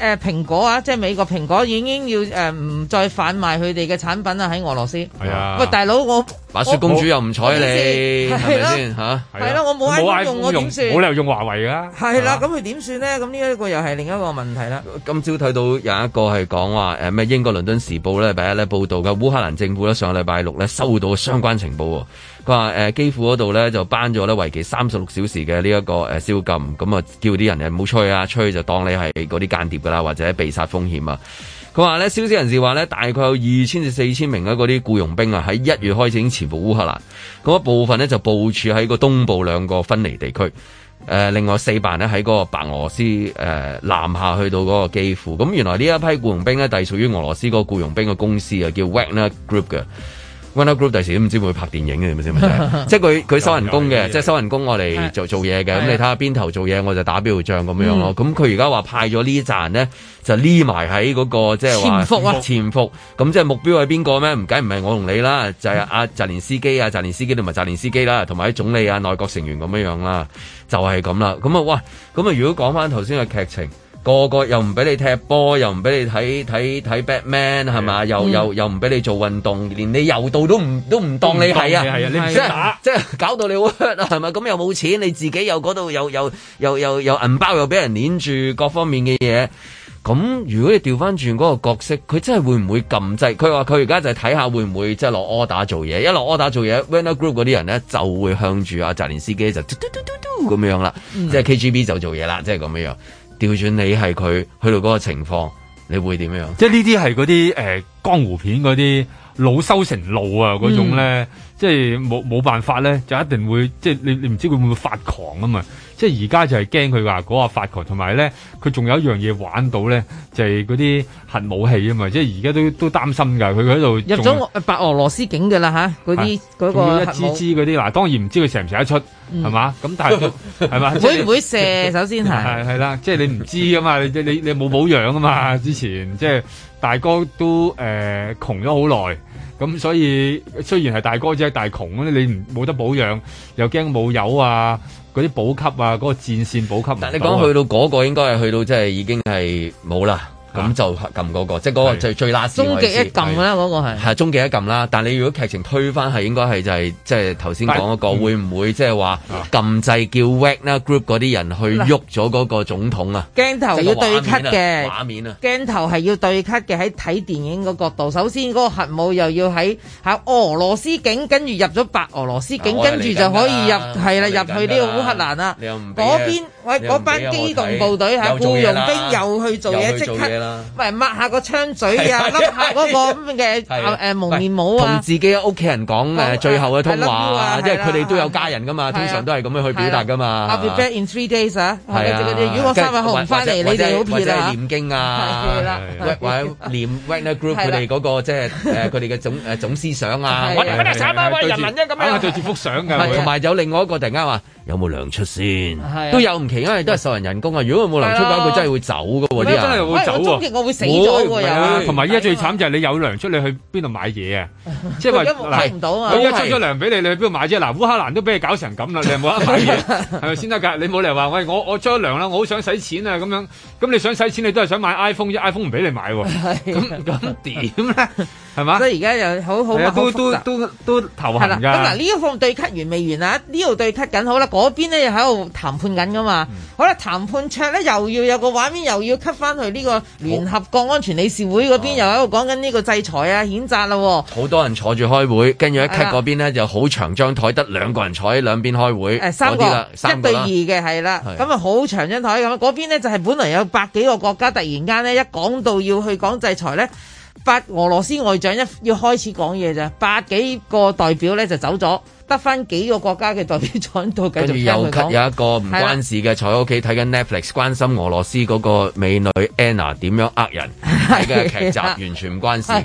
誒，蘋果啊，即係美國蘋果已經要誒唔再販賣佢哋嘅產品啊，喺俄羅斯。係啊，喂大佬我白雪公主又唔睬你，係咪先吓？係啦、啊啊啊啊啊啊，我冇 iPhone 我點算？冇理由用華為噶、啊。係啦、啊，咁佢點算咧？咁呢一個又係另一個問題啦。今朝睇到有一個係講話誒咩？英國倫敦時報咧，第一咧報道嘅烏克蘭政府咧，上個禮拜六咧收到相關情報。佢話誒基輔嗰度咧就班咗咧為期三十六小時嘅呢一個誒宵、呃、禁，咁啊叫啲人唔好吹啊，吹就當你係嗰啲間諜噶啦，或者被殺風險啊。佢話咧消息人士話咧大概有二千至四千名啊嗰啲僱傭兵啊喺一月開始已經潛伏烏克蘭，咁一部分呢，就部署喺個東部兩個分離地區，誒、呃、另外四百呢，喺嗰個白俄羅斯誒、呃、南下去到嗰個基輔。咁原來呢一批僱傭兵咧隸屬於俄羅斯嗰個僱傭兵嘅公司啊，叫 Wagner Group 嘅。One Group 第時都唔知會拍電影嘅，係咪先？ *laughs* 即係佢佢收人工嘅，即係收人工我嚟做做嘢嘅。咁你睇下邊頭做嘢，我就打標仗咁樣咯。咁佢而家話派咗呢扎人咧，就匿埋喺嗰個、即係話、潛潛潛潛即係潛伏啊！潛伏咁即係目標係邊個咩？唔計唔係我同你啦，就係阿澤連斯基啊、澤連斯基同埋澤連斯基啦，同埋啲總理啊、內閣成員咁樣樣啦，就係咁啦。咁啊，哇！咁啊，如果講翻頭先嘅劇情。個個又唔俾你踢波，又唔俾你睇睇睇 Batman 係嘛，又、嗯、又又唔俾你做運動，連你柔道都唔都唔當你係啊！你唔識打，即係搞到你好屈啊，係咪？咁又冇錢，你自己又嗰度又又又又又銀包又俾人捏住，各方面嘅嘢。咁如果你調翻轉嗰個角色，佢真係會唔會撳掣？佢話佢而家就係睇、就是、下會唔會即係落 order 做嘢，一落 order 做嘢，Wagner Group 嗰啲人咧就會向住阿澤連斯基就嘟嘟嘟嘟嘟咁樣啦，即係、就是、KGB 就做嘢啦，即係咁樣。調轉你係佢去到嗰個情況，你會點樣？即係呢啲係嗰啲誒江湖片嗰啲惱羞成怒啊嗰種咧，嗯、即係冇冇辦法咧，就一定會即係你你唔知會唔會發狂啊嘛。即係而家就係驚佢話嗰個發狂，同埋咧佢仲有一樣嘢玩到咧，就係嗰啲核武器啊嘛！即係而家都都擔心㗎，佢喺度入咗白俄羅斯境㗎啦吓，嗰啲嗰個核武嗰啲嗱，當然唔知佢成唔成得出係嘛？咁、嗯、但係係嘛？會唔會射首先係係啦，即係你唔知啊嘛，你你你冇保養啊嘛，之前即係大哥都誒、呃、窮咗好耐，咁所以雖然係大哥啫，但大窮啊，你唔冇得保養，又驚冇油啊！嗰啲補給啊，嗰、嗰個戰線補給、啊，但你講去到嗰個，應該係去到即係已經係冇啦。咁、嗯、就撳嗰、那個，即嗰個最最垃圾。終極一撳啦，嗰、那個係係終極一撳啦。但你如果劇情推翻，係應該係就係、是、即係頭先講嗰個，嗯、會唔會即係話撳掣叫 Wagner Group 嗰啲人去喐咗嗰個總統啊？鏡頭要對 cut 嘅畫、啊、畫面啊！鏡頭係要對 cut 嘅，喺睇電影嗰角度。首先嗰個核武又要喺喺俄羅斯境，跟住入咗白俄羅斯境，啊、跟住就可以入係啦，入、啊、去呢個烏克蘭啦、啊。嗰邊喂，嗰班機動部隊係僱傭兵又去做嘢，即刻喂抹、ну. 下個槍嘴啊，笠、啊啊、下嗰個咁嘅蒙面帽啊，同、啊啊、自己屋企人講誒最後嘅通話、啊，哎、因為佢哋都有家人噶嘛，啊、通常都係咁樣去表達噶嘛。a r b i t a t in three days 啊，即如果三日後唔翻嚟，你哋好撇啦。或者念經啊，或者念 Wagner Group 佢哋嗰個即係佢哋嘅總誒總思想啊。揾揾得曬啊，為人民啫咁樣。揾對住幅相㗎。同埋有另外一個突然間話。有冇糧出先？係、啊、都有唔奇怪，啊，都係受人人工啊！如果佢冇糧出嘅話，佢真係會走㗎喎，啲人真係會走，哎，我會死咗喎，同埋依家最慘就係你有糧出，你去邊度買嘢啊？即係話啊佢依家出咗糧俾你，你去邊度買啫？嗱，啊，烏克蘭都俾你搞成咁啦，你又冇得買嘢，係咪先得噶？你冇理由話喂，我我出咗糧啦，我好想使錢啊！咁樣咁你想使錢，你都係想買 iPhone，而 iPhone 唔俾你買，咁咁點咧？ *laughs* 係嘛？所以而家又好好麻煩。都都都都投下。係啦。咁嗱，呢一項對咳完未完啊？呢度對咳緊，好啦。嗰邊咧又喺度談判緊噶嘛？嗯、好啦，談判桌咧又要有個畫面，又要咳翻去呢個聯合國安，安全理事會嗰邊，又喺度講緊呢個制裁啊、譴責啦、啊。好多人坐住開會，跟住一咳嗰邊咧就好長張台，得兩個人坐喺兩邊開會。誒，三個，一對二嘅係啦。咁啊，好長張台咁啊，嗰邊咧就係、是、本來有百幾個國家，突然間咧一講到要去講制裁咧。八俄羅斯外長一要開始講嘢咋，百幾個代表咧就走咗，得翻幾個國家嘅代表在度繼續聽佢講。又有一個唔關事嘅，喺屋企睇緊 Netflix，關心俄羅斯嗰個美女 Anna 點樣呃人，睇嘅劇集完全唔關事嘅，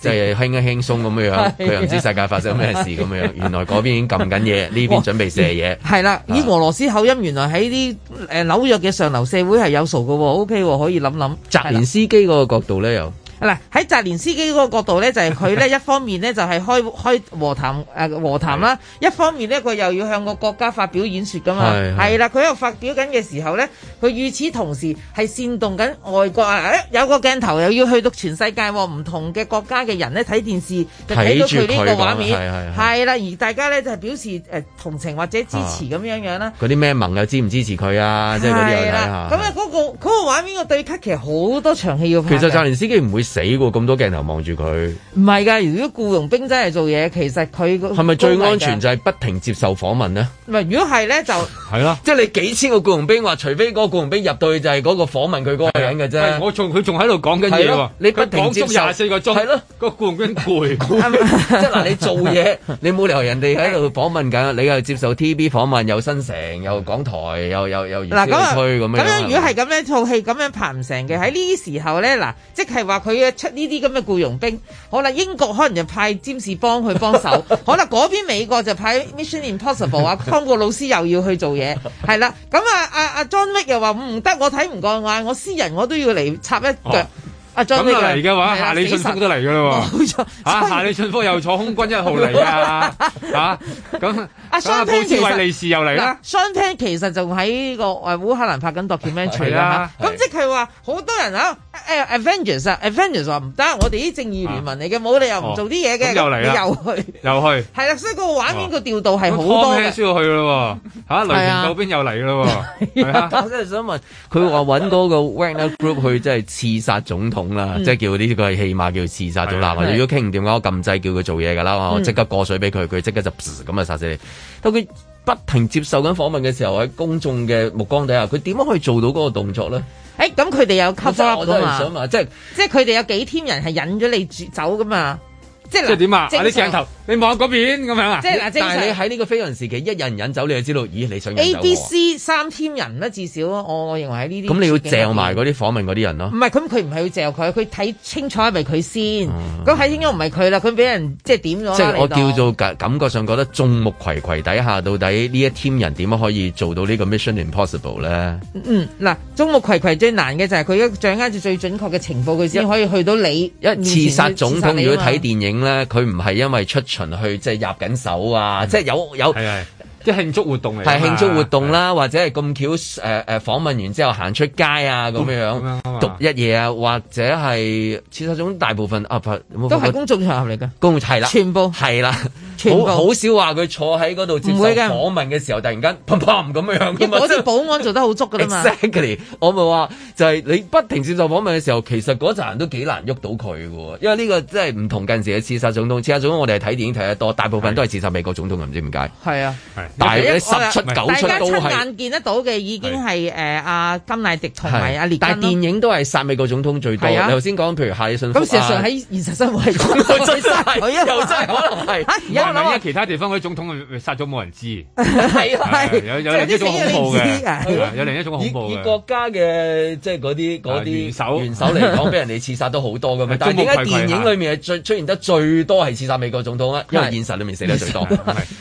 即係輕啊輕鬆咁樣，佢又唔知世界發生咩事咁樣。原來嗰邊已經撳緊嘢，呢 *laughs* 邊準備射嘢。係、哦、啦，以俄羅斯口音，原來喺啲誒紐約嘅上流社會係有數嘅，OK 可以諗諗。澤連司機嗰個角度咧又。嗱，喺澤連斯基嗰個角度咧，就係佢咧一方面咧就係開 *laughs* 開和談誒和談啦，一方面咧佢又要向個國家發表演説噶嘛，係啦，佢又發表緊嘅時候咧，佢與此同時係煽動緊外國啊！誒、哎、有個鏡頭又要去到全世界喎，唔同嘅國家嘅人咧睇電視就睇到佢呢個畫面，係啦，而大家咧就係表示誒、呃、同情或者支持咁、啊、樣樣啦。嗰啲咩盟友支唔支持佢啊？即係嗰啲又睇下咁啊嗰個嗰、那個、畫面我對 cut 其實好多場戲要拍。其實澤連斯基唔會。死喎！咁多鏡頭望住佢，唔係㗎。如果僱傭兵真係做嘢，其實佢係咪最安全就係不停接受訪問呢？唔係，如果係咧就係 *laughs* 咯，即係你幾千個僱傭兵話，除非嗰個僱傭兵入到就係嗰個訪問佢嗰個人嘅啫。我仲佢仲喺度講緊嘢喎，你不停接廿四個鐘，係咯，個僱傭兵攰， *laughs* *laughs* *laughs* 即係嗱，你做嘢你冇理由人哋喺度訪問緊， *laughs* 你又接受 TV 訪問，又新城，又港台，又又又粵區咁樣，樣。咁、那個、樣如果係咁樣套戲咁樣拍唔成嘅，喺、嗯、呢時候咧，嗱，即係話佢。出呢啲咁嘅僱傭兵，好啦，英國可能就派佔士幫佢幫手，幫 *laughs* 好啦嗰邊美國就派 Mission Impossible 啊，湯過老師又要去做嘢，係 *laughs* 啦，咁啊啊啊 John Wick 又話唔得，我睇唔過眼，我私人我都要嚟插一腳。啊咁嚟嘅話，夏利信福都嚟嘅咯喎，嚇、 *laughs* 啊！夏利信福又坐空軍一號嚟啊，嚇、啊！咁阿、 *laughs* 啊啊啊啊啊、布斯維利士又嚟啦。雙拼其實就喺、啊、個誒、呃、烏克蘭拍緊、啊《Documentary、啊》啦、啊。咁、啊啊啊、即係話，好多人啊誒《uh, Avengers》《Avengers》話唔得，我哋啲正義聯盟嚟嘅，冇、啊、理由唔做啲嘢嘅，哦啊嗯啊、又嚟啦，又去，又去。係、啊、啦、 *laughs* 啊，所以個畫面個調度係好多嘅。拖需要去咯喎，嚇！雷神嗰邊又嚟咯喎，啊！我真係想問佢話揾嗰個《Wagner、啊、Group》去即係刺殺總統。 *laughs* 是嗯、即係叫啲佢係起碼叫佢刺殺咗啦，或者如果傾唔掂話，我撳掣叫佢做嘢噶啦，我即刻過水俾佢，佢即刻就咁啊殺死你！到佢不停接受緊訪問嘅時候，喺公眾嘅目光底下，佢點樣可以做到嗰個動作咧？誒、欸，咁佢哋有 cover 我都想問，即係即係佢哋有幾添人係引咗你走噶嘛？即係點啊？啲鏡、啊、頭，你望下嗰邊咁樣啊！即係嗱，但係你喺呢個非常時期，一人飲酒，你就知道，咦，你想 A、B、C 三添人啦，至少我我認為喺呢啲。咁你要嚼埋嗰啲訪問嗰啲人咯。唔係，咁佢唔係要嚼佢，佢睇清楚係咪佢先。咁、嗯、喺應該唔係佢啦，佢俾人即係點咗。即係我叫做感覺上覺得眾目睽睽底下，到底呢一添人點樣可以做到呢個 Mission Impossible 咧？嗯，嗱，眾目睽睽最難嘅就係佢掌握住最準確嘅情報，佢先可以去到你。一刺殺總統。如果睇電影。咧佢唔係因為出巡去即係入緊手啊，即係有有啲、即係、慶祝活動嚟嘅，係慶祝活動啦，係或者係咁巧誒誒、呃、訪問完之後行出街啊咁樣樣，讀一夜啊，或者係，其實總大部分啊，都係公眾場合嚟嘅，公係啦，全部係啦。係好，好少話佢坐喺嗰度接受訪問嘅時候，突然間啪啪咁樣。因為嗰啲保安做得好足㗎嘛 *laughs* ？Exactly，我咪話就係你不停接受訪問嘅時候，其實嗰陣都幾難喐到佢嘅喎。因為呢個真係唔同近時嘅刺殺總統。刺殺總統我哋睇電影睇得多，大部分都係刺殺美國總統，唔知點解。係啊，但十出九出都係。我我眼見得到嘅已經係誒阿甘迺迪同埋阿列。但係電影都係殺美國總統最多。頭先講譬如下信咁事實喺現實生活佢、啊、真係可能唔係，因為其他地方啲總統殺咗冇人知，係有有另一種恐怖嘅，有另一種恐怖嘅。而、啊、國家嘅即係嗰啲啲元首元首嚟講，俾 *laughs* 人哋刺殺都好多㗎嘛。是但係點解電影裏面係最出現得最多係刺殺美國總統啊？因為現實裏面死得最多。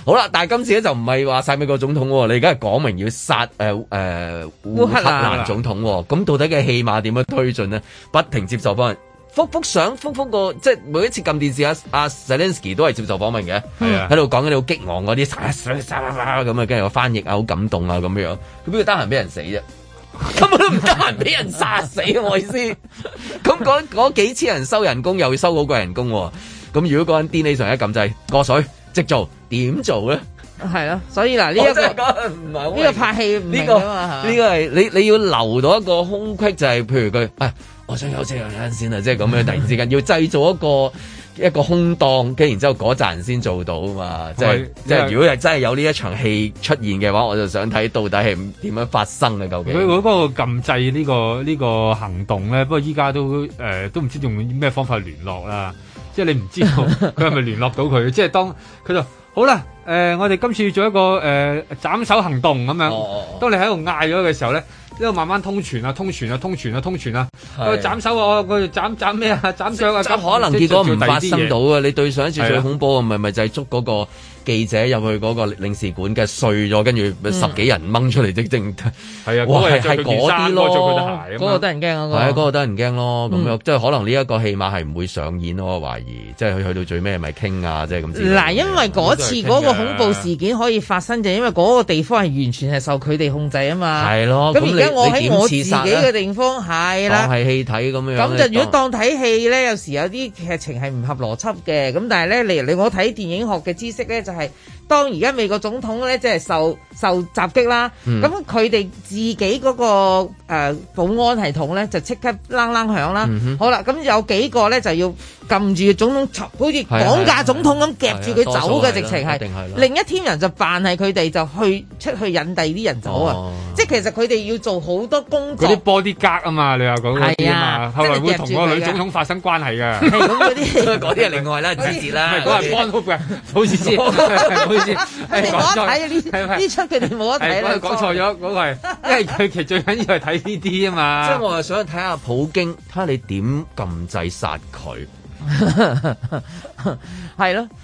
好啦，但係今次咧就唔係話殺美國總統喎，你而家係講明要殺誒誒烏克蘭總統喎。咁、啊嗯、到底嘅戲碼點樣推進呢？不停接受幫人。幅幅相，幅幅個即係每一次撳電視，阿阿 Zelensky 都係接受訪問嘅，喺度講緊好激昂嗰啲，沙沙沙沙咁啊，跟住個翻譯啊，好感動啊，咁樣佢邊個得閒俾人死啫？根本都唔得閒俾人殺死我意思。咁嗰嗰幾千人收人工，又要收好過人工。咁如果講緊店裏上一撳就係過水，即做點做咧？係咯，所以嗱，呢一個呢個拍戲呢個呢個係你你要留到一個空隙，就係譬如佢。我想休息下先啦，即係咁樣突然之間要製造一個一個空檔，跟然之後嗰紮人先做到啊嘛，即係即係如果係真係有呢一場戲出現嘅話，我就想睇到底係點樣發生啊？究竟佢嗰個禁制呢、這個呢、這個行動咧？不過依家都誒、呃、都唔知用咩方法聯絡啦，即係你唔知道佢係咪聯絡到佢？ *laughs* 即係當佢就好啦，誒、呃、我哋今次做一個誒斬、呃、首行動咁樣，oh. 當你喺度嗌咗嘅時候咧。呢度慢慢通傳啊，通傳啊，通傳啊，通傳啊，斬手啊，佢斬斬咩啊，斬腳啊，咁可能結果唔發生到啊，你對上一次最恐怖啊，係咪就係捉嗰個。記者入去嗰個領事館嘅碎咗，跟住十幾人掹出嚟，即即係啊！我係著件衫，著對鞋，嗰個得人驚，嗰嗰個得人驚咯。咁即係可能呢一個戲碼係唔會上演咯。懷疑即係佢去到最尾係咪傾啊，即係咁。嗱、那個，因為嗰次嗰個恐怖事件可以發生，就是、因為嗰個地方係完全係受佢哋控制啊嘛。係咯。咁而家我喺我，我自己嘅地方係、啊、啦，係戲睇咁樣。咁就如果當睇戲咧，有時有啲劇情係唔合邏輯嘅。咁但係咧，你你我睇電影學嘅知識咧就是。係，當而家美國總統咧，即係受。受襲擊啦，咁佢哋自己嗰、嗰個、呃、保安系統咧就即刻啷啷響啦，嗯。好啦，咁、嗯、有幾個咧就要撳住總統，好似綁架總統咁夾住佢走嘅直情係。另一 team 人就扮係佢哋就去出去引第啲人走啊，哦。即其實佢哋要做好多工作。嗰啲 bodyguard 啊嘛，你話講嗰個係啊，後來會同個女總統發生關係㗎。咁嗰啲嗰啲係另外啦，子節啦，嗰係安好意思，好意思。唔該，唔該，啊，呢呢佢哋冇得睇咯，講錯咗，嗰個係， *laughs* 因為佢其實最緊要係睇呢啲啊嘛。即 *laughs* 係我係想去睇下普京，睇下你點禁制殺佢，係 *laughs* 咯。 *laughs*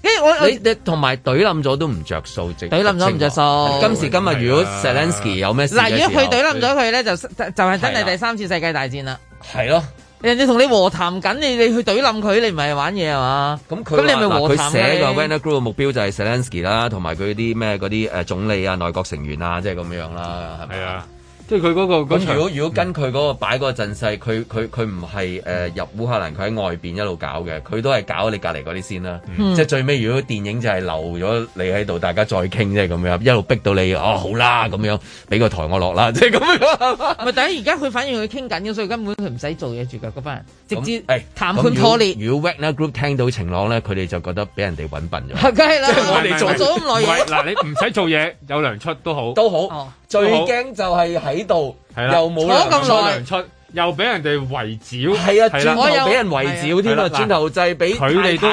跟住我你我你同埋懟冧咗都唔着數，懟冧咗唔着數。今時今日如果 Zelensky 有咩事，嗱，如果佢懟冧咗佢咧，就就係真係第三次世界大戰啦。係咯。人哋同你和談緊你你去懟冧佢，你唔係玩嘢係嘛？咁佢咁你係咪和談佢、啊、寫個 Wagner Group 嘅目標就係 Zelensky 啦，同埋佢啲咩嗰啲誒總理、就是、啊、內閣成員啊，即係咁樣啦，係咪？即係佢嗰個，如果如果跟佢嗰個擺嗰個陣勢，佢佢佢唔係誒入烏克蘭，佢喺外邊一路搞嘅，佢都係搞你隔離嗰啲先啦。嗯、即係最尾，如果電影就係留咗你喺度，大家再傾即係咁樣，一路逼到你哦，好啦咁樣，俾個台我落啦，即係咁。咪第一而家佢反應佢傾緊嘅，所以根本佢唔使做嘢住腳嗰班人，直接、嗯欸、談判破裂。如果 Wagner Group 聽到晴朗咧，佢哋就覺得俾人哋揾笨咗。梗係啦，我哋做咗咁耐嘢。嗱，你唔使做嘢， *laughs* 有糧出都好，都好。哦。最驚就係喺度，又冇糧出糧又俾人哋圍剿，係啊，又俾人圍剿添啊，啊，啊！轉頭就係俾佢哋都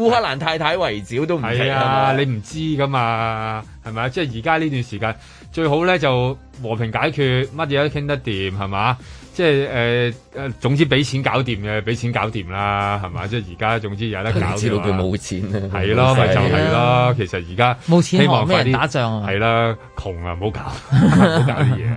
烏克蘭太太圍剿都唔得啊！你唔知噶嘛，係咪啊？即係而家呢段時間最好咧就和平解決，乜嘢都傾得掂，係嘛？即係誒誒，總之俾錢搞掂嘅，俾錢搞掂啦，係嘛？即係而家總之有得搞，佢佢冇錢啊，係咯、啊，咪、啊、就係、是、咯、啊啊。其實而家冇錢，希望快啲打仗啊！係啦、啊，窮啊，唔好搞，唔好搞啲嘢。